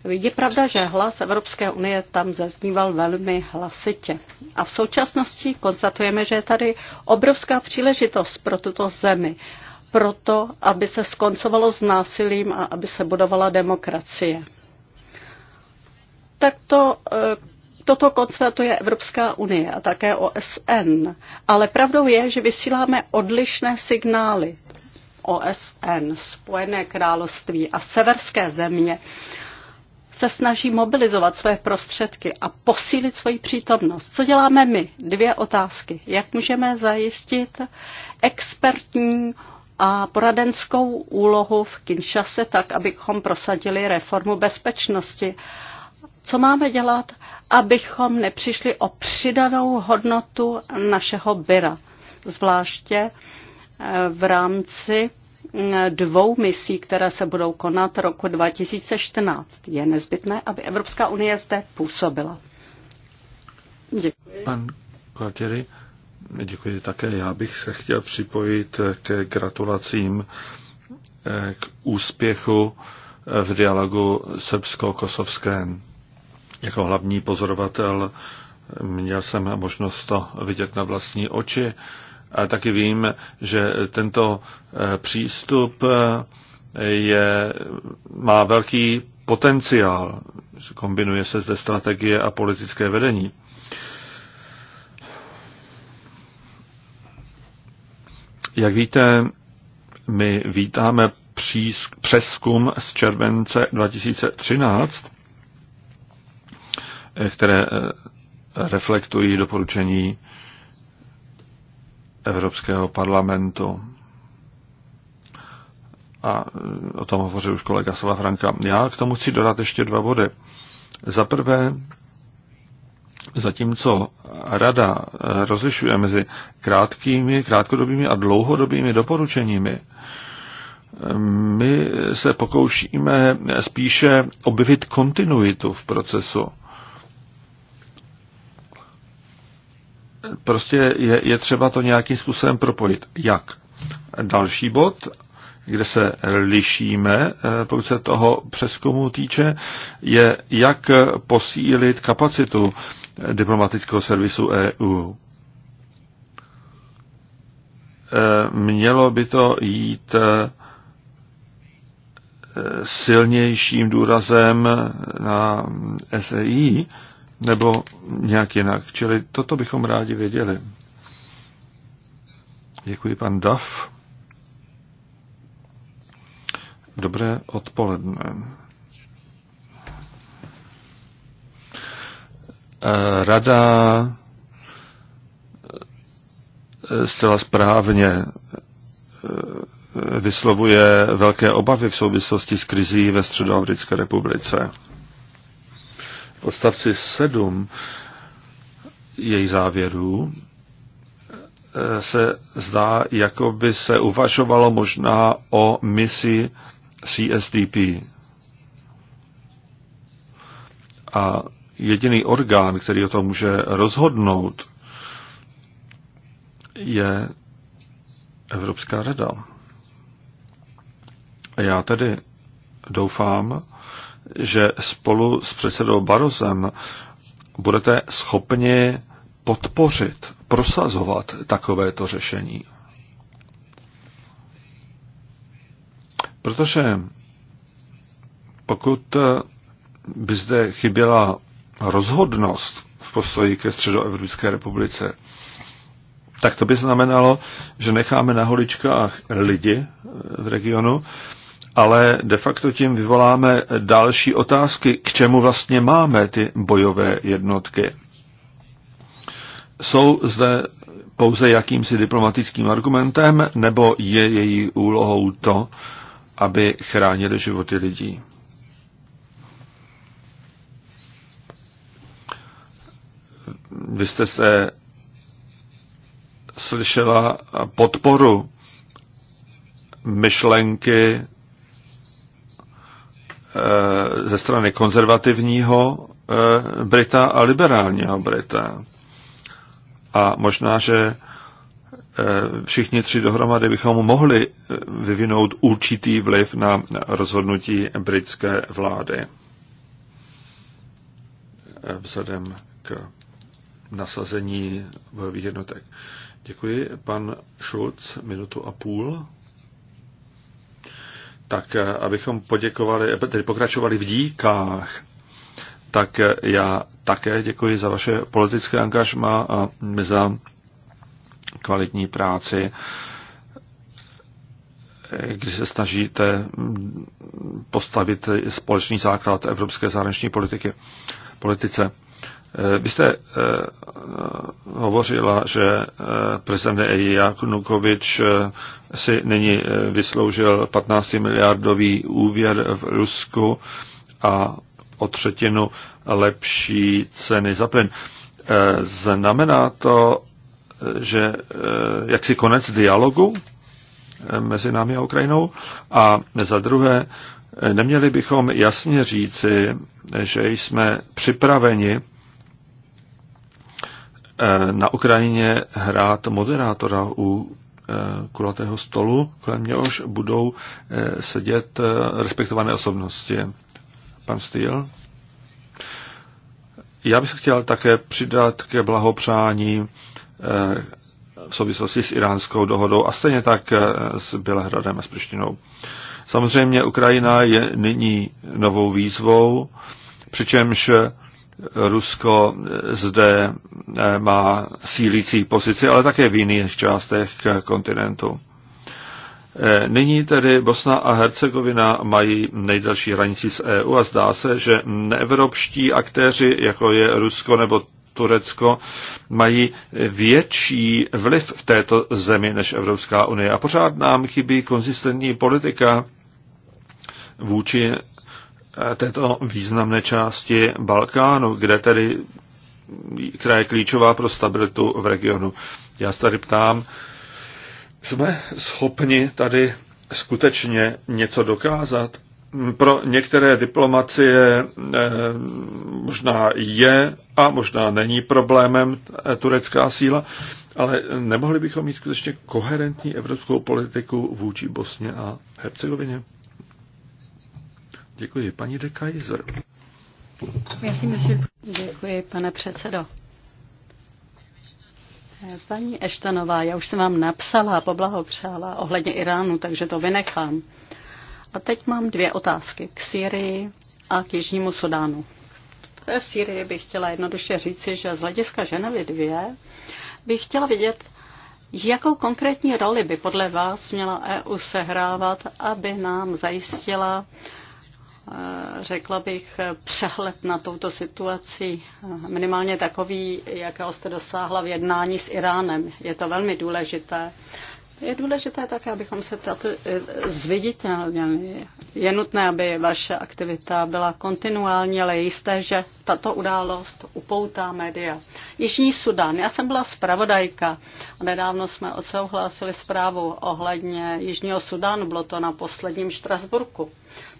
Je pravda, že hlas Evropské unie tam zazníval velmi hlasitě. A v současnosti konstatujeme, že je tady obrovská příležitost pro tuto zemi proto, aby se skoncovalo s násilím a aby se budovala demokracie. Tak to, e, toto konstatuje Evropská unie a také OSN. Ale pravdou je, že vysíláme odlišné signály. OSN, Spojené království a severské země se snaží mobilizovat své prostředky a posílit svoji přítomnost. Co děláme my? Dvě otázky. Jak můžeme zajistit expertní a poradenskou úlohu v Kinshase, tak abychom prosadili reformu bezpečnosti. Co máme dělat, abychom nepřišli o přidanou hodnotu našeho byra, zvláště eh, v rámci eh, dvou misí, které se budou konat roku 2014. Je nezbytné, aby Evropská unie zde působila. Děkuji. Pan Kortěry. Děkuji také. Já bych se chtěl připojit ke gratulacím eh, k úspěchu eh, v dialogu srbsko-kosovském. Jako hlavní pozorovatel eh, měl jsem možnost to vidět na vlastní oči. A taky vím, že tento přístup je, má velký potenciál. Kombinuje se ze strategie a politické vedení. Jak víte, my vítáme přeskum z července 2013, eh, které eh, reflektují doporučení Evropského parlamentu. A eh, o tom hovořil už kolega Franka. Já k tomu chci dodat ještě dva body. Za prvé, Zatímco rada eh, rozlišuje mezi krátkými, krátkodobými a dlouhodobými doporučeními, eh, my se pokoušíme spíše objevit kontinuitu v procesu. Prostě je, je třeba to nějakým způsobem propojit. Jak? Další bod, kde se lišíme, eh, pokud se toho přeskumu týče, je, jak posílit kapacitu diplomatického servisu EU. E, mělo by to jít e, silnějším důrazem na SEI nebo nějak jinak. Čili toto bychom rádi věděli. Děkuji, pan Duff. Dobré odpoledne. Eh, rada eh, zcela správně eh, vyslovuje velké obavy v souvislosti s krizí ve Středoamerické republice. V odstavci 7 její závěrů se zdá, jako by se uvažovalo možná o misi CSDP. A jediný orgán, který o tom může rozhodnout, je Evropská rada. A já tedy doufám, že spolu s předsedou Barozem budete schopni podpořit, prosazovat takovéto řešení. Protože pokud by zde chyběla rozhodnost v postoji ke Středoevropské republice, tak to by znamenalo, že necháme na holičkách lidi eh, v regionu, ale de facto tím vyvoláme další otázky, k čemu vlastně máme ty bojové jednotky. Jsou zde pouze jakýmsi diplomatickým argumentem, nebo je její úlohou to, aby chránili životy lidí? vy jste se slyšela podporu myšlenky eh, ze strany konzervativního eh, Brita a liberálního Brita. A možná, že eh, všichni tři dohromady bychom mohli vyvinout určitý vliv na rozhodnutí britské vlády vzhledem k nasazení bojových jednotek. Děkuji. Pan Schulz, minutu a půl. Tak, eh, abychom poděkovali, eh, tedy pokračovali v díkách, tak eh, já také děkuji za vaše politické angažma a za kvalitní práci, kdy se snažíte mm, postavit společný základ evropské zahraniční politiky, politice. Eh, vy jste eh, hovořila, že eh, prezident Janukovič si nyní vysloužil 15 miliardový úvěr v Rusku a o třetinu lepší ceny za plyn. Znamená to, že jaksi konec dialogu mezi námi a Ukrajinou a za druhé, neměli bychom jasně říci, že jsme připraveni Eh, na Ukrajině hrát moderátora u eh, kulatého stolu, kolem něhož budou eh, sedět respektované osobnosti. Pan Stýl, Já bych se chtěl také přidat ke blahopřání v souvislosti s iránskou dohodou a stejně tak s Bělehradem a s Prištinou. Samozřejmě Ukrajina je nyní novou výzvou, přičemž Rusko zde eh, má sílící pozici, ale také v jiných částech kontinentu. Eh, nyní tedy Bosna a Hercegovina mají nejdelší hranici s EU a zdá se, že neevropští aktéři, jako je Rusko nebo Turecko, mají větší vliv v této zemi než Evropská unie. A pořád nám chybí konzistentní politika vůči Eh, této významné části Balkánu, kde tedy, která je klíčová pro stabilitu v regionu. Já se tady ptám, jsme schopni tady skutečně něco dokázat? Pro některé diplomacie eh, možná je a možná není problémem eh, turecká síla, ale nemohli bychom mít skutečně koherentní evropskou politiku vůči Bosně a Hercegovině? Děkuji. Paní de Kaiser. Děkuji, pane předsedo. Paní Eštanová, já už jsem vám napsala a poblahopřála ohledně Iránu, takže to vynechám. A teď mám dvě otázky k Syrii a k Jižnímu Sudánu. K té Syrii bych chtěla jednoduše říci, že z hlediska Ženevy dvě bych chtěla vidět, jakou konkrétní roli by podle vás měla EU sehrávat, aby nám zajistila uh, Eh, řekla bych, eh, přehled na touto situaci, eh, minimálně takový, jakého jste dosáhla v jednání s Iránem. Je to velmi důležité. Je důležité také, abychom se tato zviditelnili. Je nutné, aby vaše aktivita byla kontinuální, ale je jisté, že tato událost upoutá média. Jižní Sudan. Já jsem byla zpravodajka nedávno jsme odsouhlasili zprávu ohledně Jižního Sudánu. Bylo to na posledním Štrasburku.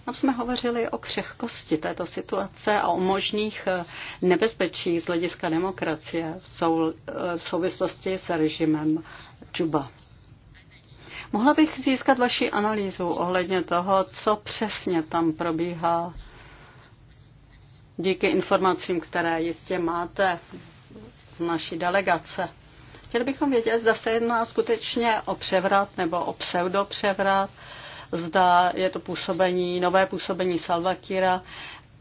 Tam jsme hovořili o křehkosti této situace a o možných eh, nebezpečích z hlediska demokracie eh, v souvislosti s režimem Čuba. Mohla bych získat vaši analýzu ohledně toho, co přesně tam probíhá díky informacím, které jistě máte z naší delegace. Chtěli bychom vědět, zda se jedná skutečně o převrat nebo o pseudopřevrat, převrat zda je to působení, nové působení Salvakira.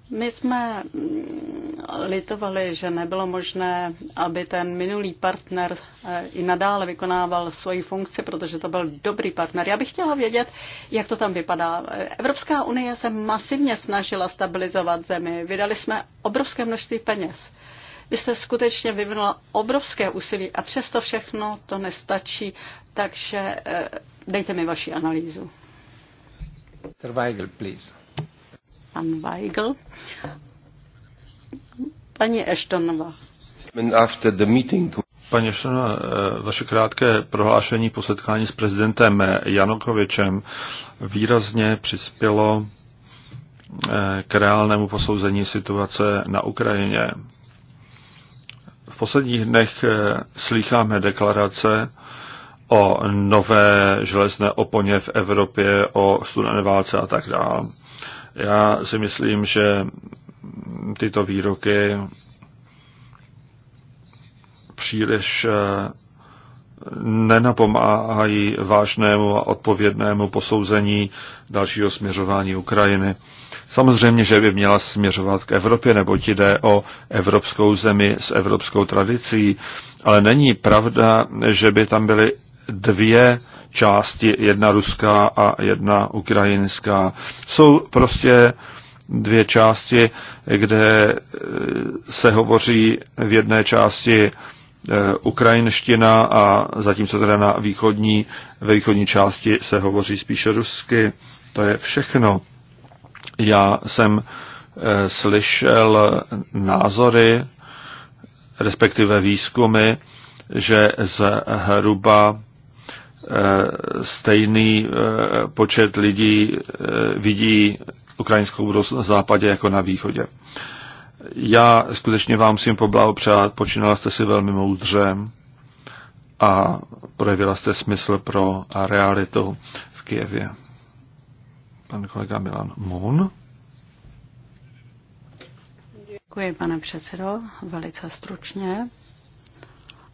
My jsme mm, litovali, že nebylo možné, aby ten minulý partner eh, i nadále vykonával svoji funkci, protože to byl dobrý partner. Já bych chtěla vědět, jak to tam vypadá. Evropská unie se masivně snažila stabilizovat zemi. Vydali jsme obrovské množství peněz. Vy jste skutečně vyvinula obrovské úsilí a přesto všechno to nestačí, takže eh, dejte mi vaši analýzu. Sir Weigel, please. Pan Weigel. Paní Eštonová. After the meeting... Paní Eštonová, eh, vaše krátké prohlášení po setkání s prezidentem eh, Janukovičem výrazně přispělo eh, k reálnému posouzení situace na Ukrajině. V posledních dnech slýcháme deklarace, o nové železné oponě v Evropě, o studené válce a tak dále. Já si myslím, že tyto výroky příliš eh, nenapomáhají vážnému a odpovědnému posouzení dalšího směřování Ukrajiny. Samozřejmě, že by měla směřovat k Evropě, nebo ti jde o evropskou zemi s evropskou tradicí, ale není pravda, že by tam byly dvě části, jedna ruská a jedna ukrajinská. Jsou prostě dvě části, kde e, se hovoří v jedné části e, ukrajinština a zatímco teda na východní, ve východní části se hovoří spíše rusky. To je všechno. Já jsem e, slyšel názory, respektive výzkumy, že zhruba Eh, stejný eh, počet lidí eh, vidí ukrajinskou budoucnost na západě jako na východě. Já skutečně vám musím poblahopřát, počínala jste si velmi moudře a projevila jste smysl pro a realitu v Kijevě. Pan kolega Milan Moon. Děkuji, pane předsedo, velice stručně.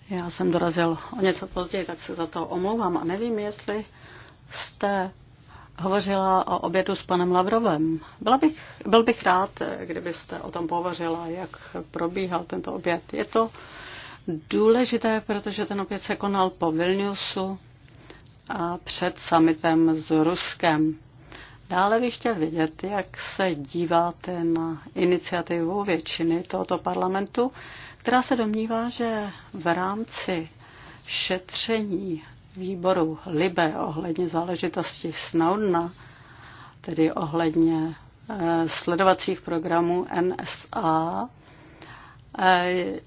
Já jsem dorazil o něco později, tak se za to omlouvám a nevím, jestli jste hovořila o obědu s panem Lavrovem. Byla bych, byl bych rád, kdybyste o tom pohovořila, jak probíhal tento oběd. Je to důležité, protože ten oběd se konal po Vilniusu a před summitem s Ruskem. Dále bych chtěl vědět, jak se díváte na iniciativu většiny tohoto parlamentu, která se domnívá, že v rámci šetření výboru Libe ohledně záležitosti Snowdena, tedy ohledně eh, sledovacích programů NSA, eh,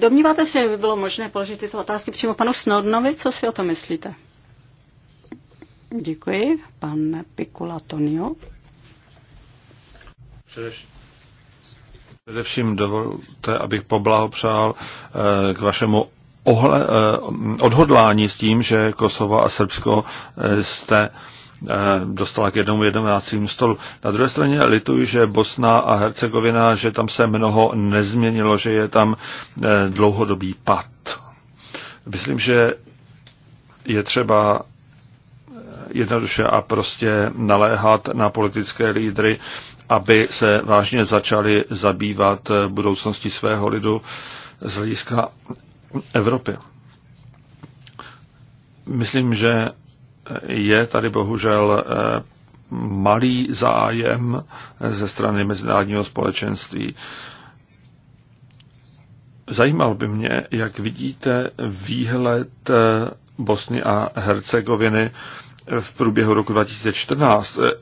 Domníváte se, že by bylo možné položit tyto otázky přímo panu Snowdenovi? Co si o to myslíte? Děkuji. Pan Pikula Tonio. Především, Především dovolte, abych poblahopřál eh, k vašemu ohle, eh, odhodlání s tím, že Kosovo a Srbsko eh, jste dostala k jednomu jedenáctým stolu. Na druhé straně lituji, že Bosna a Hercegovina, že tam se mnoho nezměnilo, že je tam dlouhodobý pad. Myslím, že je třeba jednoduše a prostě naléhat na politické lídry, aby se vážně začali zabývat budoucností svého lidu z hlediska Evropy. Myslím, že je tady bohužel eh, malý zájem ze strany mezinárodního společenství. Zajímal by mě, jak vidíte výhled eh, Bosny a Hercegoviny v průběhu roku 2014, eh, eh,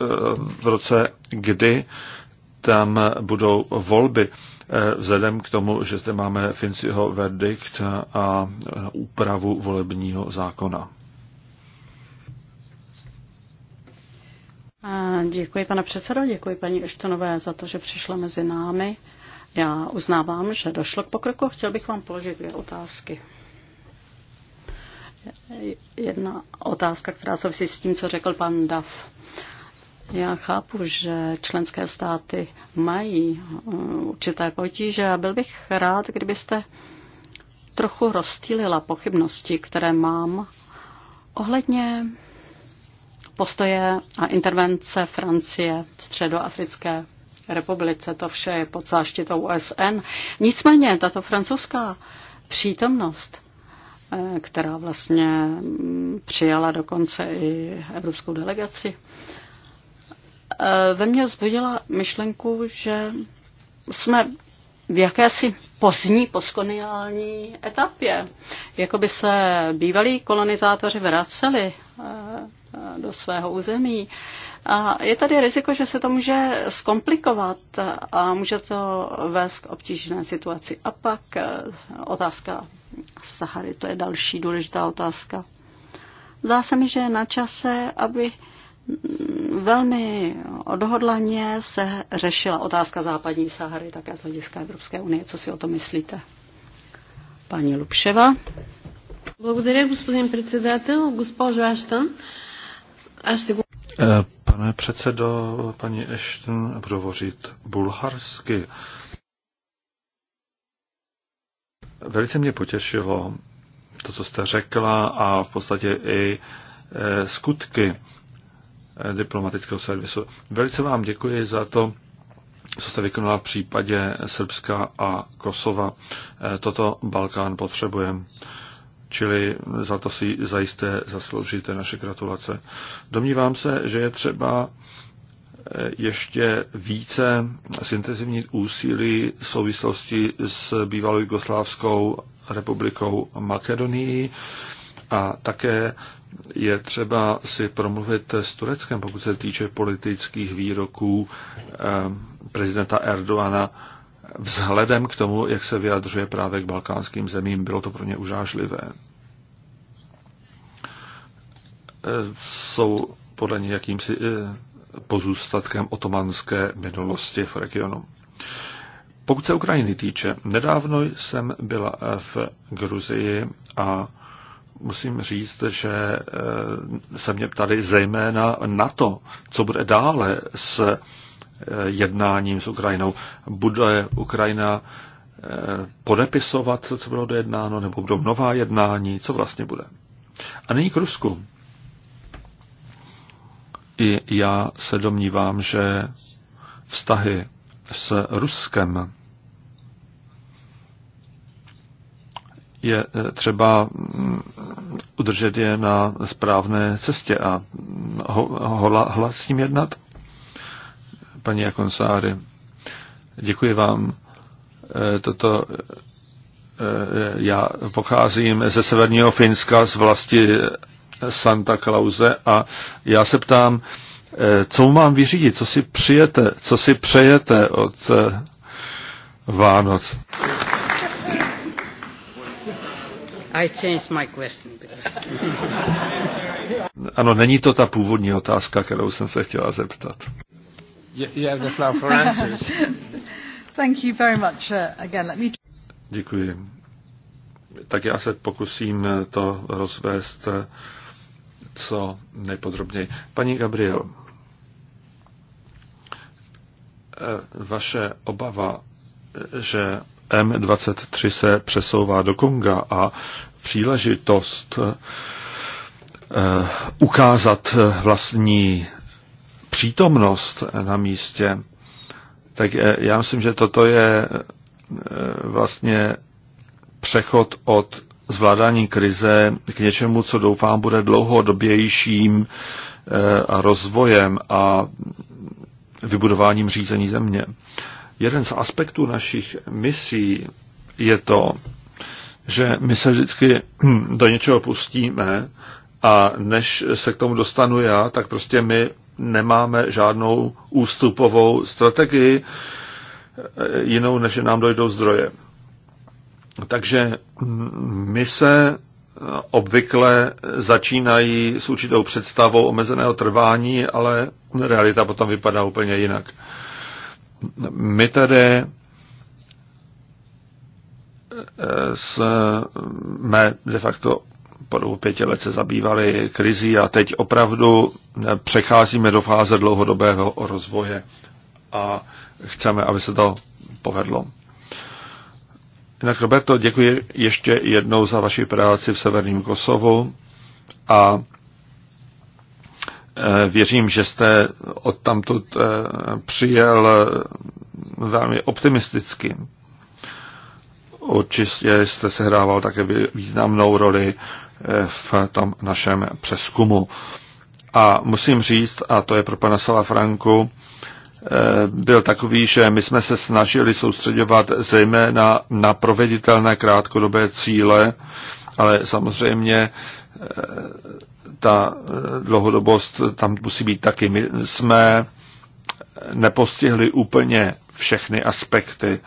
v roce, kdy tam budou volby. Eh, vzhledem k tomu, že zde máme Finciho verdikt a úpravu volebního zákona. Děkuji, pane předsedo, děkuji paní Eštonové za to, že přišla mezi námi. Já uznávám, že došlo k pokroku a chtěl bych vám položit dvě otázky jedna otázka, která souvisí s tím, co řekl pan Dav. Já chápu, že členské státy mají eh, určité potíže a byl bych rád, kdybyste trochu rozstýlila pochybnosti, které mám ohledně postoje a intervence Francie v Středoafrické republice. To vše je pod záštitou OSN. Nicméně tato francouzská přítomnost Eh, která vlastně mm, přijala dokonce i evropskou delegaci, eh, ve mně vzbudila myšlenku, že jsme v jakési pozdní postkoloniální etapě. Jako by se bývalí kolonizátoři vraceli eh, eh, do svého území. A je tady riziko, že se to může zkomplikovat a může to vést k obtížné situaci. A pak eh, otázka Sahary, to je další důležitá otázka. Zdá se mi, že je na čase, aby velmi odhodlaně se řešila otázka západní Sahary také z hlediska Evropské unie. Co si o to myslíte? Paní Lubševa. Благодаря, господин председател. Госпожо Аштън, аз ще го... Pane předsedo, paní Ashton, budu hovořit bulharsky. Velice mě potěšilo to, co jste řekla a v podstatě i e, skutky diplomatického servisu. Velice vám děkuji za to, co jste vykonala v případě Srbska a Kosova. Eh, toto Balkán potřebujeme. Čili za to si zajisté zasloužíte naše gratulace. Domnívám se, že je třeba eh, ještě více zintenzivnit úsilí v souvislosti s bývalou Jugoslávskou republikou Makedonii a také je třeba si promluvit s Tureckem, pokud se týče politických výroků eh, prezidenta Erdoana vzhledem k tomu, jak se vyjadřuje právě k balkánským zemím. Bylo to pro ně užážlivé. Eh, jsou podle něj jakýmsi eh, pozůstatkem otomanské minulosti v regionu. Pokud se Ukrajiny týče, nedávno jsem byla v Gruzii a musím říct, že eh, se mě ptali zejména na to, co bude dále s eh, jednáním s Ukrajinou. Bude Ukrajina eh, podepisovat co bylo dojednáno, nebo budou nová jednání, co vlastně bude. A nyní k Rusku. I já se domnívám, že vztahy s Ruskem je eh, třeba mm, udržet je na správné cestě a hodla s ním jednat. Paní Jakonsáry, děkuji vám. Eh, toto eh, já pocházím ze severního Finska, z vlasti Santa Clause a já se ptám, co mám vyřídit, co si přijete, co si přejete od Vánoc. I changed my question. ano, není to ta původní otázka, kterou jsem se chtěla zeptat. Uh, Děkuji. Tak já se pokusím to rozvést uh, co nejpodrobněji. Paní Gabriel, uh, vaše obava, že M23 se přesouvá do Konga a příležitost eh, ukázat vlastní přítomnost na místě, tak eh, já myslím, že toto je eh, vlastně přechod od zvládání krize k něčemu, co doufám bude dlouhodobějším rozvojem a vybudováním řízení země. Jeden z aspektů našich misí je to, že my se vždycky do něčeho pustíme a než se k tomu dostanu já, tak prostě my nemáme žádnou ústupovou strategii jinou, než že nám dojdou zdroje. Takže se obvykle začínají s určitou představou omezeného trvání, ale realita potom vypadá úplně jinak. My tedy eh, jsme de facto po dobu pěti let se zabývali krizí a teď opravdu eh, přecházíme do fáze dlouhodobého rozvoje a chceme, aby se to povedlo. Jinak Roberto, děkuji ještě jednou za vaši práci v severním Kosovu a Eh, věřím, že jste odtamtud eh, přijel eh, velmi optimisticky. Určitě jste hrával také významnou roli v tom našem přeskumu. A musím říct, a to je pro pana Sala Franku, byl takový, že my jsme se snažili soustředovat zejména na proveditelné krátkodobé cíle, ale samozřejmě ta eh, dlouhodobost tam musí být taky. My jsme nepostihli úplně všechny aspekty.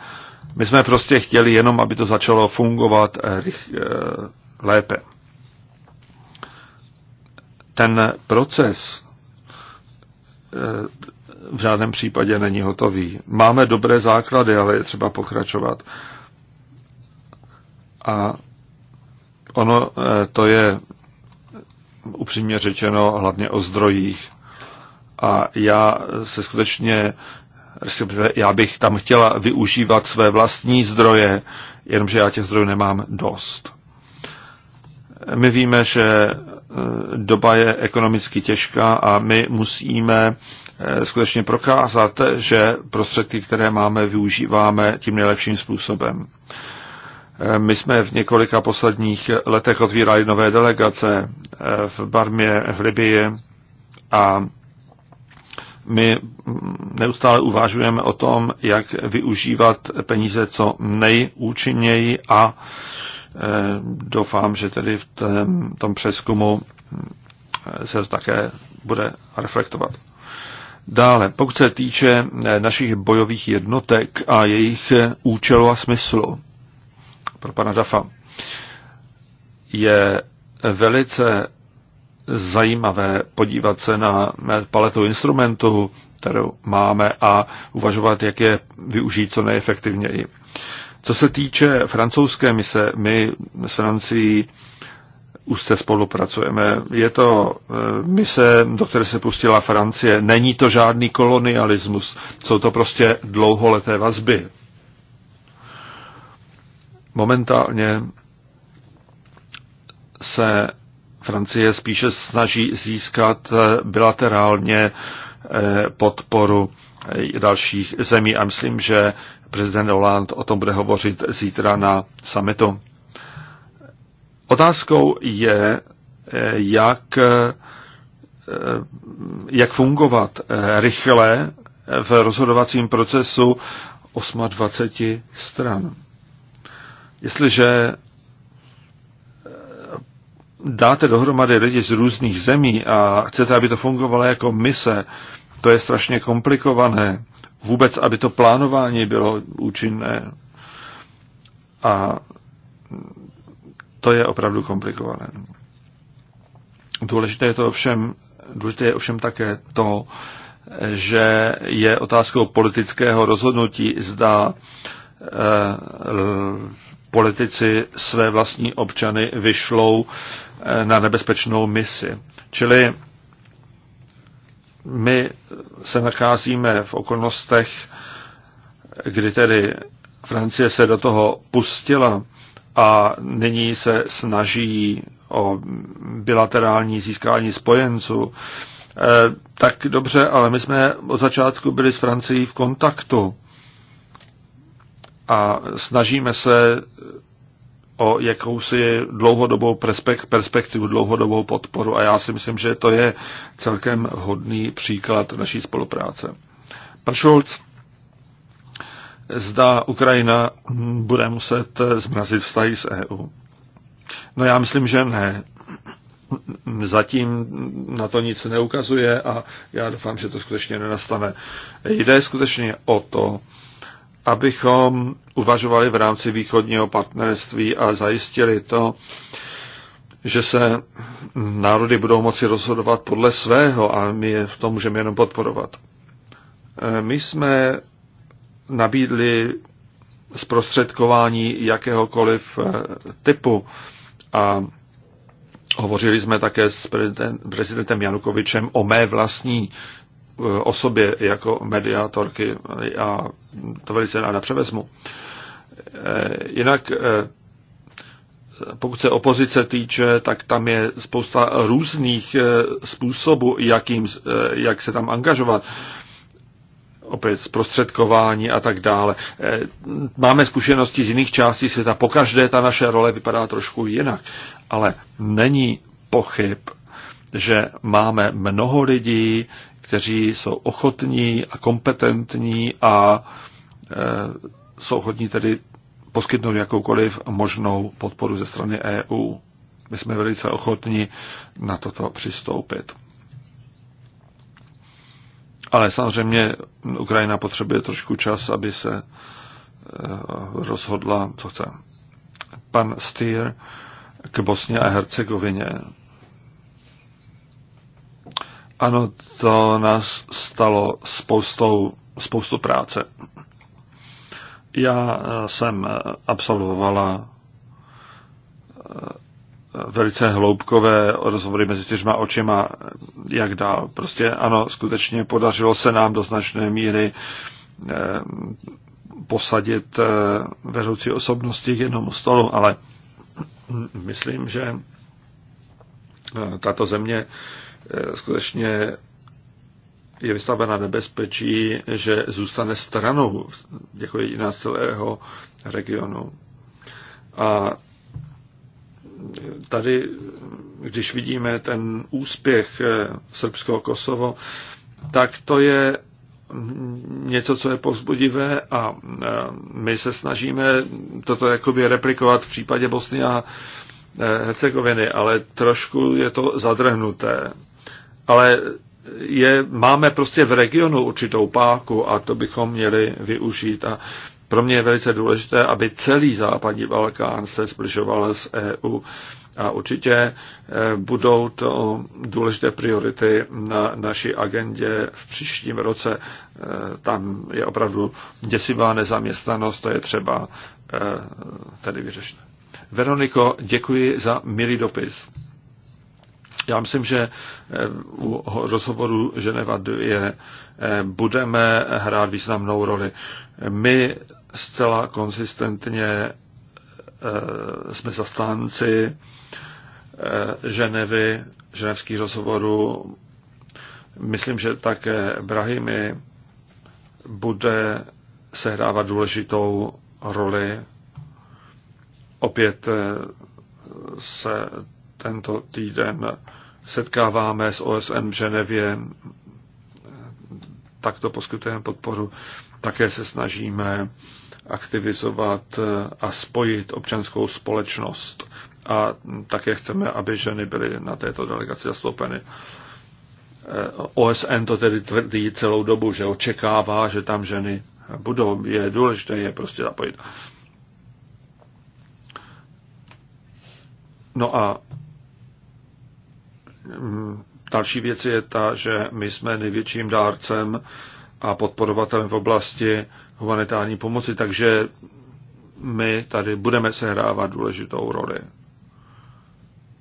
My jsme prostě chtěli jenom, aby to začalo fungovat eh, rych, eh, lépe. Ten proces v žádném případě není hotový. Máme dobré základy, ale je třeba pokračovat. A ono to je upřímně řečeno hlavně o zdrojích. A já se skutečně, já bych tam chtěla využívat své vlastní zdroje, jenomže já těch zdrojů nemám dost. My víme, že eh, doba je ekonomicky těžká a my musíme eh, skutečně prokázat, že prostředky, které máme, využíváme tím nejlepším způsobem. My jsme v několika posledních letech otvírali nové delegace eh, v Barmě, v Libii a my neustále uvažujeme o tom, jak využívat peníze co nejúčinněji a eh, doufám, že tedy v tom přeskumu eh, se to také bude reflektovat. Dále, pokud se týče našich bojových jednotek a jejich účelu a smyslu, pro pana Dafa, je velice zajímavé podívat se na paletu instrumentů, kterou máme a uvažovat, jak je využít co nejefektivněji. Co se týče francouzské mise, my s Francií úzce spolupracujeme. Je to eh, mise, do které se pustila Francie. Není to žádný kolonialismus, jsou to prostě dlouholeté vazby. Momentálně se Francie spíše snaží získat eh, bilaterálně eh, podporu eh, dalších zemí a myslím, že prezident Hollande o tom bude hovořit zítra na summitu. Otázkou je, jak, jak fungovat rychle v rozhodovacím procesu 28 stran. Jestliže eh, dáte dohromady lidi z různých zemí a chcete, aby to fungovalo jako mise, to je strašně komplikované. Vůbec, aby to plánování bylo účinné. A to je opravdu komplikované. Důležité je to ovšem, důležité je ovšem také to, že je otázkou politického rozhodnutí, zda eh, politici své vlastní občany vyšlou eh, na nebezpečnou misi. Čili my se nacházíme v okolnostech, kdy tedy Francie se do toho pustila a nyní se snaží o bilaterální získání spojenců. Eh, tak dobře, ale my jsme od začátku byli s Francií v kontaktu a snažíme se o jakousi dlouhodobou perspektivu, dlouhodobou podporu a já si myslím, že to je celkem hodný příklad naší spolupráce. Pan Šulc, zda Ukrajina bude muset zmrazit vztahy s EU. No já myslím, že ne. Zatím na to nic neukazuje a já doufám, že to skutečně nenastane. Jde skutečně o to, abychom uvažovali v rámci východního partnerství a zajistili to, že se národy budou moci rozhodovat podle svého a my je v tom můžeme jenom podporovat. E, my jsme nabídli zprostředkování jakéhokoliv e, typu a hovořili jsme také s prezidentem Janukovičem o mé vlastní Eh, osobě jako mediátorky. a to velice ráda převezmu. Eh, jinak eh, pokud se opozice týče, tak tam je spousta různých způsobů, jakým, jak se tam angažovat. Opět zprostředkování a tak dále. Máme zkušenosti z jiných částí světa. Po každé ta naše role vypadá trošku jinak. Ale není pochyb, že máme mnoho lidí, kteří jsou ochotní a kompetentní a e, jsou ochotní tedy poskytnout jakoukoliv možnou podporu ze strany EU. My jsme velice ochotní na toto přistoupit. Ale samozřejmě Ukrajina potřebuje trošku čas, aby se e, rozhodla, co chce. Pan Stier k Bosně a Hercegovině. Ano, to nás stalo spoustou, spoustu práce. Já eh, jsem eh, absolvovala eh, velice hloubkové rozhovory mezi čtyřma očima, jak dál. Prostě ano, skutečně podařilo se nám do značné míry posadit vedoucí osobnosti k jednomu stolu, ale myslím, že tato země Eh, skutečně je vystavena nebezpečí, že zůstane stranou jako jediná z celého regionu. A tady, když vidíme ten úspěch eh, Srbsko-Kosovo, tak to je něco, co je povzbudivé a eh, my se snažíme toto jakoby replikovat v případě Bosny a Hercegoviny, ale trošku je to zadrhnuté ale je, máme prostě v regionu určitou páku a to bychom měli využít. A pro mě je velice důležité, aby celý západní Balkán se zbližoval s EU a určitě eh, budou to důležité priority na naší agendě v příštím roce. Eh, tam je opravdu děsivá nezaměstnanost, to je třeba eh, tedy vyřešit. Veroniko, děkuji za milý dopis. Já myslím, že eh, u rozhovoru Ženeva 2 eh, budeme hrát významnou roli. My zcela konsistentně eh, jsme zastánci Ženevy, ženevských rozhovorů. Myslím, že také Brahimi bude sehrávat důležitou roli. Opět se tento týden setkáváme s OSN v Ženevě, takto poskytujeme podporu. Také se snažíme aktivizovat a spojit občanskou společnost. A také chceme, aby ženy byly na této delegaci zastoupeny. OSN to tedy tvrdí celou dobu, že očekává, že tam ženy budou. Je důležité je prostě zapojit. No a Další věc je ta, že my jsme největším dárcem a podporovatelem v oblasti humanitární pomoci, takže my tady budeme sehrávat důležitou roli.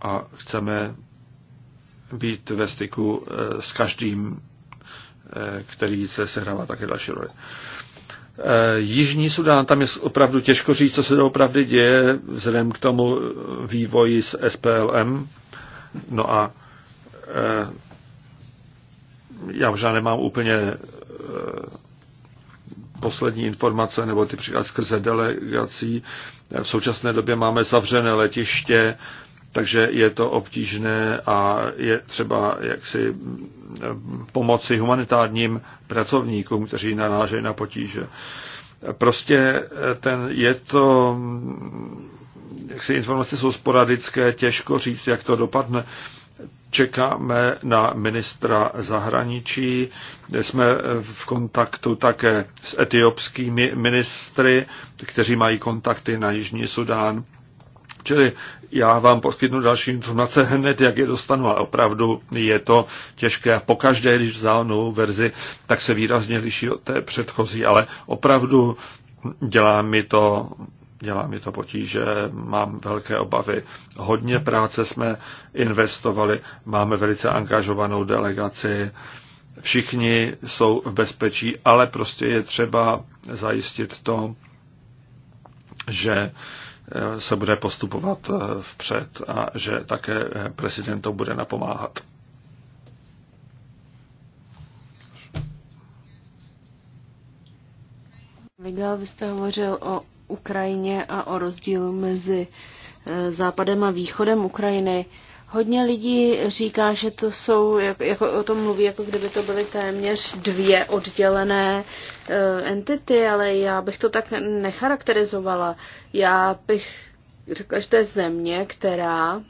A chceme být ve styku eh, s každým, eh, který se sehrává také další roli. Eh, Jižní Sudán, tam je opravdu těžko říct, co se opravdu děje, vzhledem k tomu vývoji s SPLM. No a Eh, já možná nemám úplně eh, poslední informace nebo ty příklad skrze delegací. V současné době máme zavřené letiště, takže je to obtížné a je třeba jaksi eh, pomoci humanitárním pracovníkům, kteří narážejí na potíže. Prostě ten je to, mm, jak si informace jsou sporadické, těžko říct, jak to dopadne čekáme na ministra zahraničí. Jsme v kontaktu také s etiopskými ministry, kteří mají kontakty na Jižní Sudán. Čili já vám poskytnu další informace hned, jak je dostanu. Ale opravdu je to těžké. A pokaždé, když vzal novou verzi, tak se výrazně liší od té předchozí, ale opravdu dělá mi to dělá mi to potíže, mám velké obavy. Hodně práce jsme investovali, máme velice angažovanou delegaci, všichni jsou v bezpečí, ale prostě je třeba zajistit to, že eh, se bude postupovat eh, vpřed a že také eh, prezident to bude napomáhat. Viděl, vy jste hovořil o Ukrajině a o rozdílu mezi e, západem a východem Ukrajiny. Hodně lidí říká, že to jsou, jako o tom mluví, jako kdyby to byly téměř dvě oddělené e, entity, ale já bych to tak necharakterizovala. Já bych řekla, že to je země, která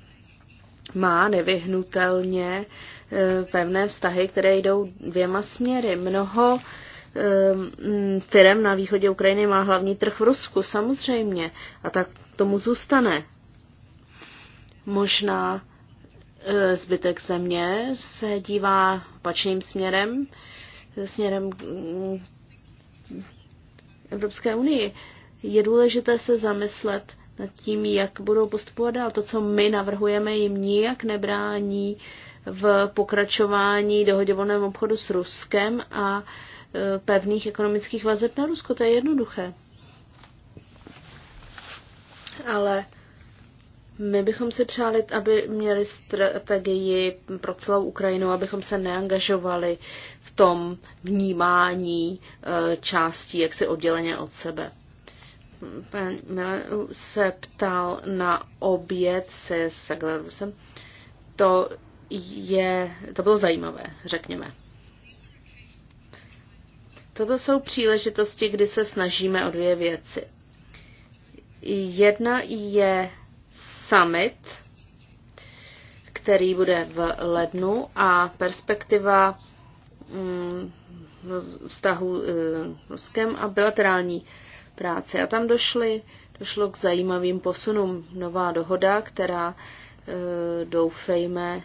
má nevyhnutelně e, pevné vztahy, které jdou dvěma směry. Mnoho Ehm, firem na východě Ukrajiny má hlavní trh v Rusku, samozřejmě. A tak tomu zůstane. Možná e, zbytek země se dívá pačným směrem, směrem mm, Evropské unii. Je důležité se zamyslet nad tím, jak budou postupovat dál. To, co my navrhujeme, jim nijak nebrání v pokračování dohodě obchodu s Ruskem a Eh, pevných ekonomických vazeb na Rusko. To je jednoduché. Ale my bychom si přáli, aby měli strategii pro celou Ukrajinu, abychom se neangažovali v tom vnímání eh, částí, jak si odděleně od sebe. Pan se ptal na oběd se Saglarusem. To je, to bylo zajímavé, řekněme. Toto jsou příležitosti, kdy se snažíme o dvě věci. Jedna je summit, který bude v lednu a perspektiva mm, vztahu ruském eh, Ruskem a bilaterální práce. A tam došly, došlo k zajímavým posunům. Nová dohoda, která eh, doufejme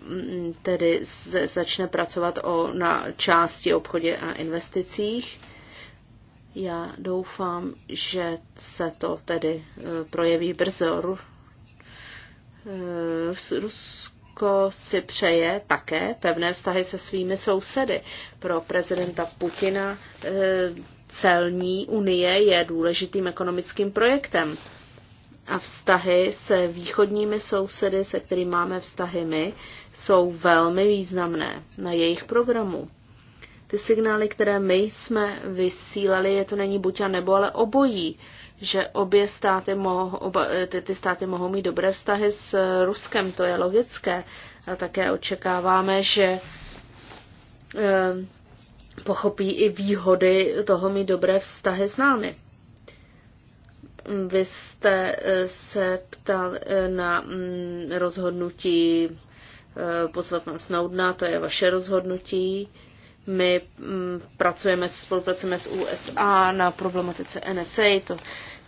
Mm, tedy se začne pracovat o, na části obchodě a investicích. Já doufám, že se to tedy e, projeví brzo. E, Rusko si přeje také pevné vztahy se svými sousedy. Pro prezidenta Putina e, celní unie je důležitým ekonomickým projektem a vztahy se východními sousedy, se kterými máme vztahy my, jsou velmi významné na jejich programu. Ty signály, které my jsme vysílali, je to není buď a nebo, ale obojí, že obě státy mohou, oba, ty, ty státy mohou mít dobré vztahy s Ruskem, to je logické. A také očekáváme, že e, pochopí i výhody toho mít dobré vztahy s námi. Vy jste eh, se ptal eh, na mm, rozhodnutí eh, pozvat pana Snowdna, to je vaše rozhodnutí. My mm, pracujeme, spolupracujeme s USA na problematice NSA, to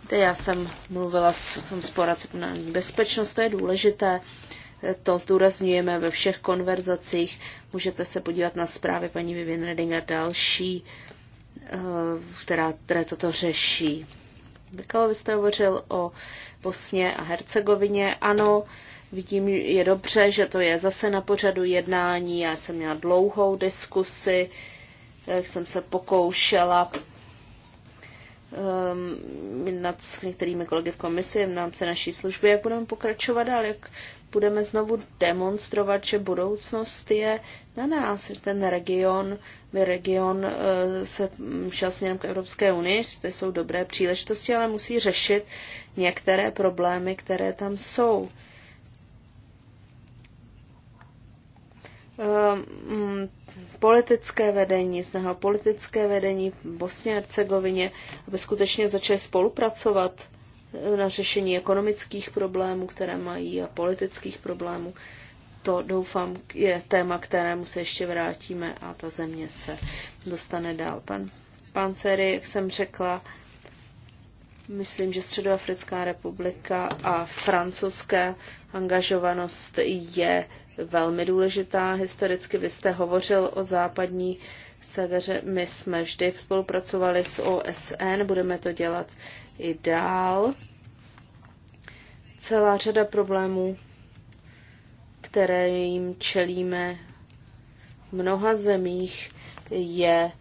Víte, já jsem mluvila s tom sporadce na bezpečnost, to je důležité, to zdůrazňujeme ve všech konverzacích. Můžete se podívat na zprávy paní Vivian Redding a další, která, které toto řeší. Vykalo, vy jste hovořil o Bosně a Hercegovině. Ano, vidím, je dobře, že to je zase na pořadu jednání. Já jsem měla dlouhou diskusi, eh, jsem se pokoušela um, jednat s některými kolegy v komisi v rámci naší služby, jak budeme pokračovat ale jak budeme znovu demonstrovat, že budoucnost je na nás, že ten region, my region uh, se šel směrem k Evropské unii, že to jsou dobré příležitosti, ale musí řešit některé problémy, které tam jsou. Um, politické vedení, snaha politické vedení v Bosně a Hercegovině, aby skutečně začaly spolupracovat eh, na řešení ekonomických problémů, které mají a politických problémů. To doufám je téma, kterému se ještě vrátíme a ta země se dostane dál. Pan, pan Cery, jak jsem řekla, Myslím, že Středoafrická republika a francouzská angažovanost je velmi důležitá. Historicky vy jste hovořil o západní Seveře. My jsme vždy spolupracovali s OSN, budeme to dělat i dál. Celá řada problémů, které jim čelíme v mnoha zemích, je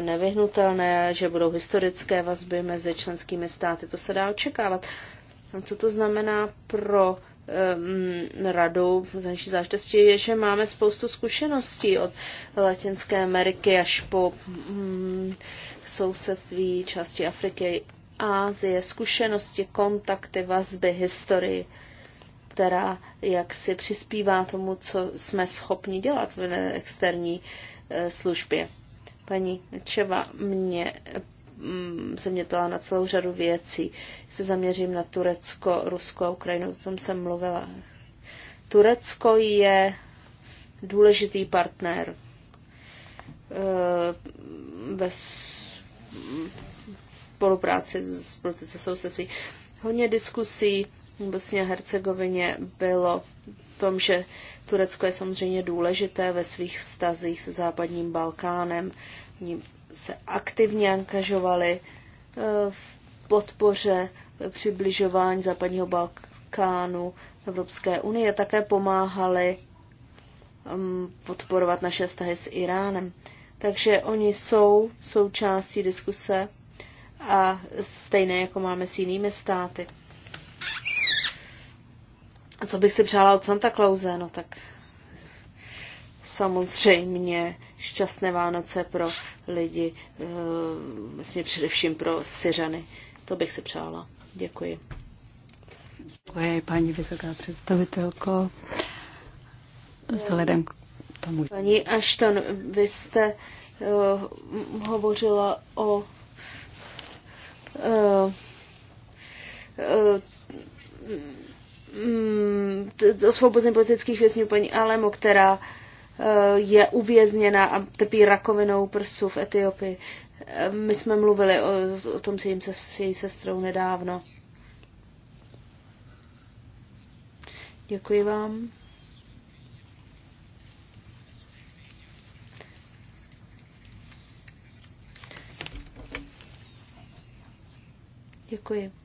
nevyhnutelné, že budou historické vazby mezi členskými státy. To se dá očekávat. Co to znamená pro um, radu zahraniční záležitosti je, že máme spoustu zkušeností od Latinské Ameriky až po um, sousedství části Afriky, Ázie, zkušenosti, kontakty, vazby, historii, která jak si přispívá tomu, co jsme schopni dělat v externí eh, službě. Paní Čeva mě mm, se mě ptala na celou řadu věcí. Se zaměřím na Turecko, Rusko a Ukrajinu, o tom jsem mluvila. Turecko je důležitý partner eh, ve spolupráci s politice sousedství. Hodně diskusí v Bosně a Hercegovině bylo v tom, že Turecko je samozřejmě důležité ve svých vztazích se západním Balkánem. Oni se aktivně angažovali eh, v podpoře eh, přibližování západního Balkánu Evropské unie. Také pomáhali mm, podporovat naše vztahy s Iránem. Takže oni jsou součástí diskuse a stejné jako máme s jinými státy. A co bych si přála od Santa Clause? No tak samozřejmě šťastné Vánoce pro lidi, eh, vlastně především pro Syřany. To bych si přála. Děkuji. Děkuji, paní vysoká představitelko. Vzhledem k tomu. Paní Ashton, vy jste uh, hovořila o uh, uh, Mm, osvobození politických vězňů paní Alemo, která eh, je uvězněna a trpí rakovinou prsu v Etiopii. Eh, my jsme mluvili o, o tom s, jejím, s její sestrou nedávno. Děkuji vám. Děkuji.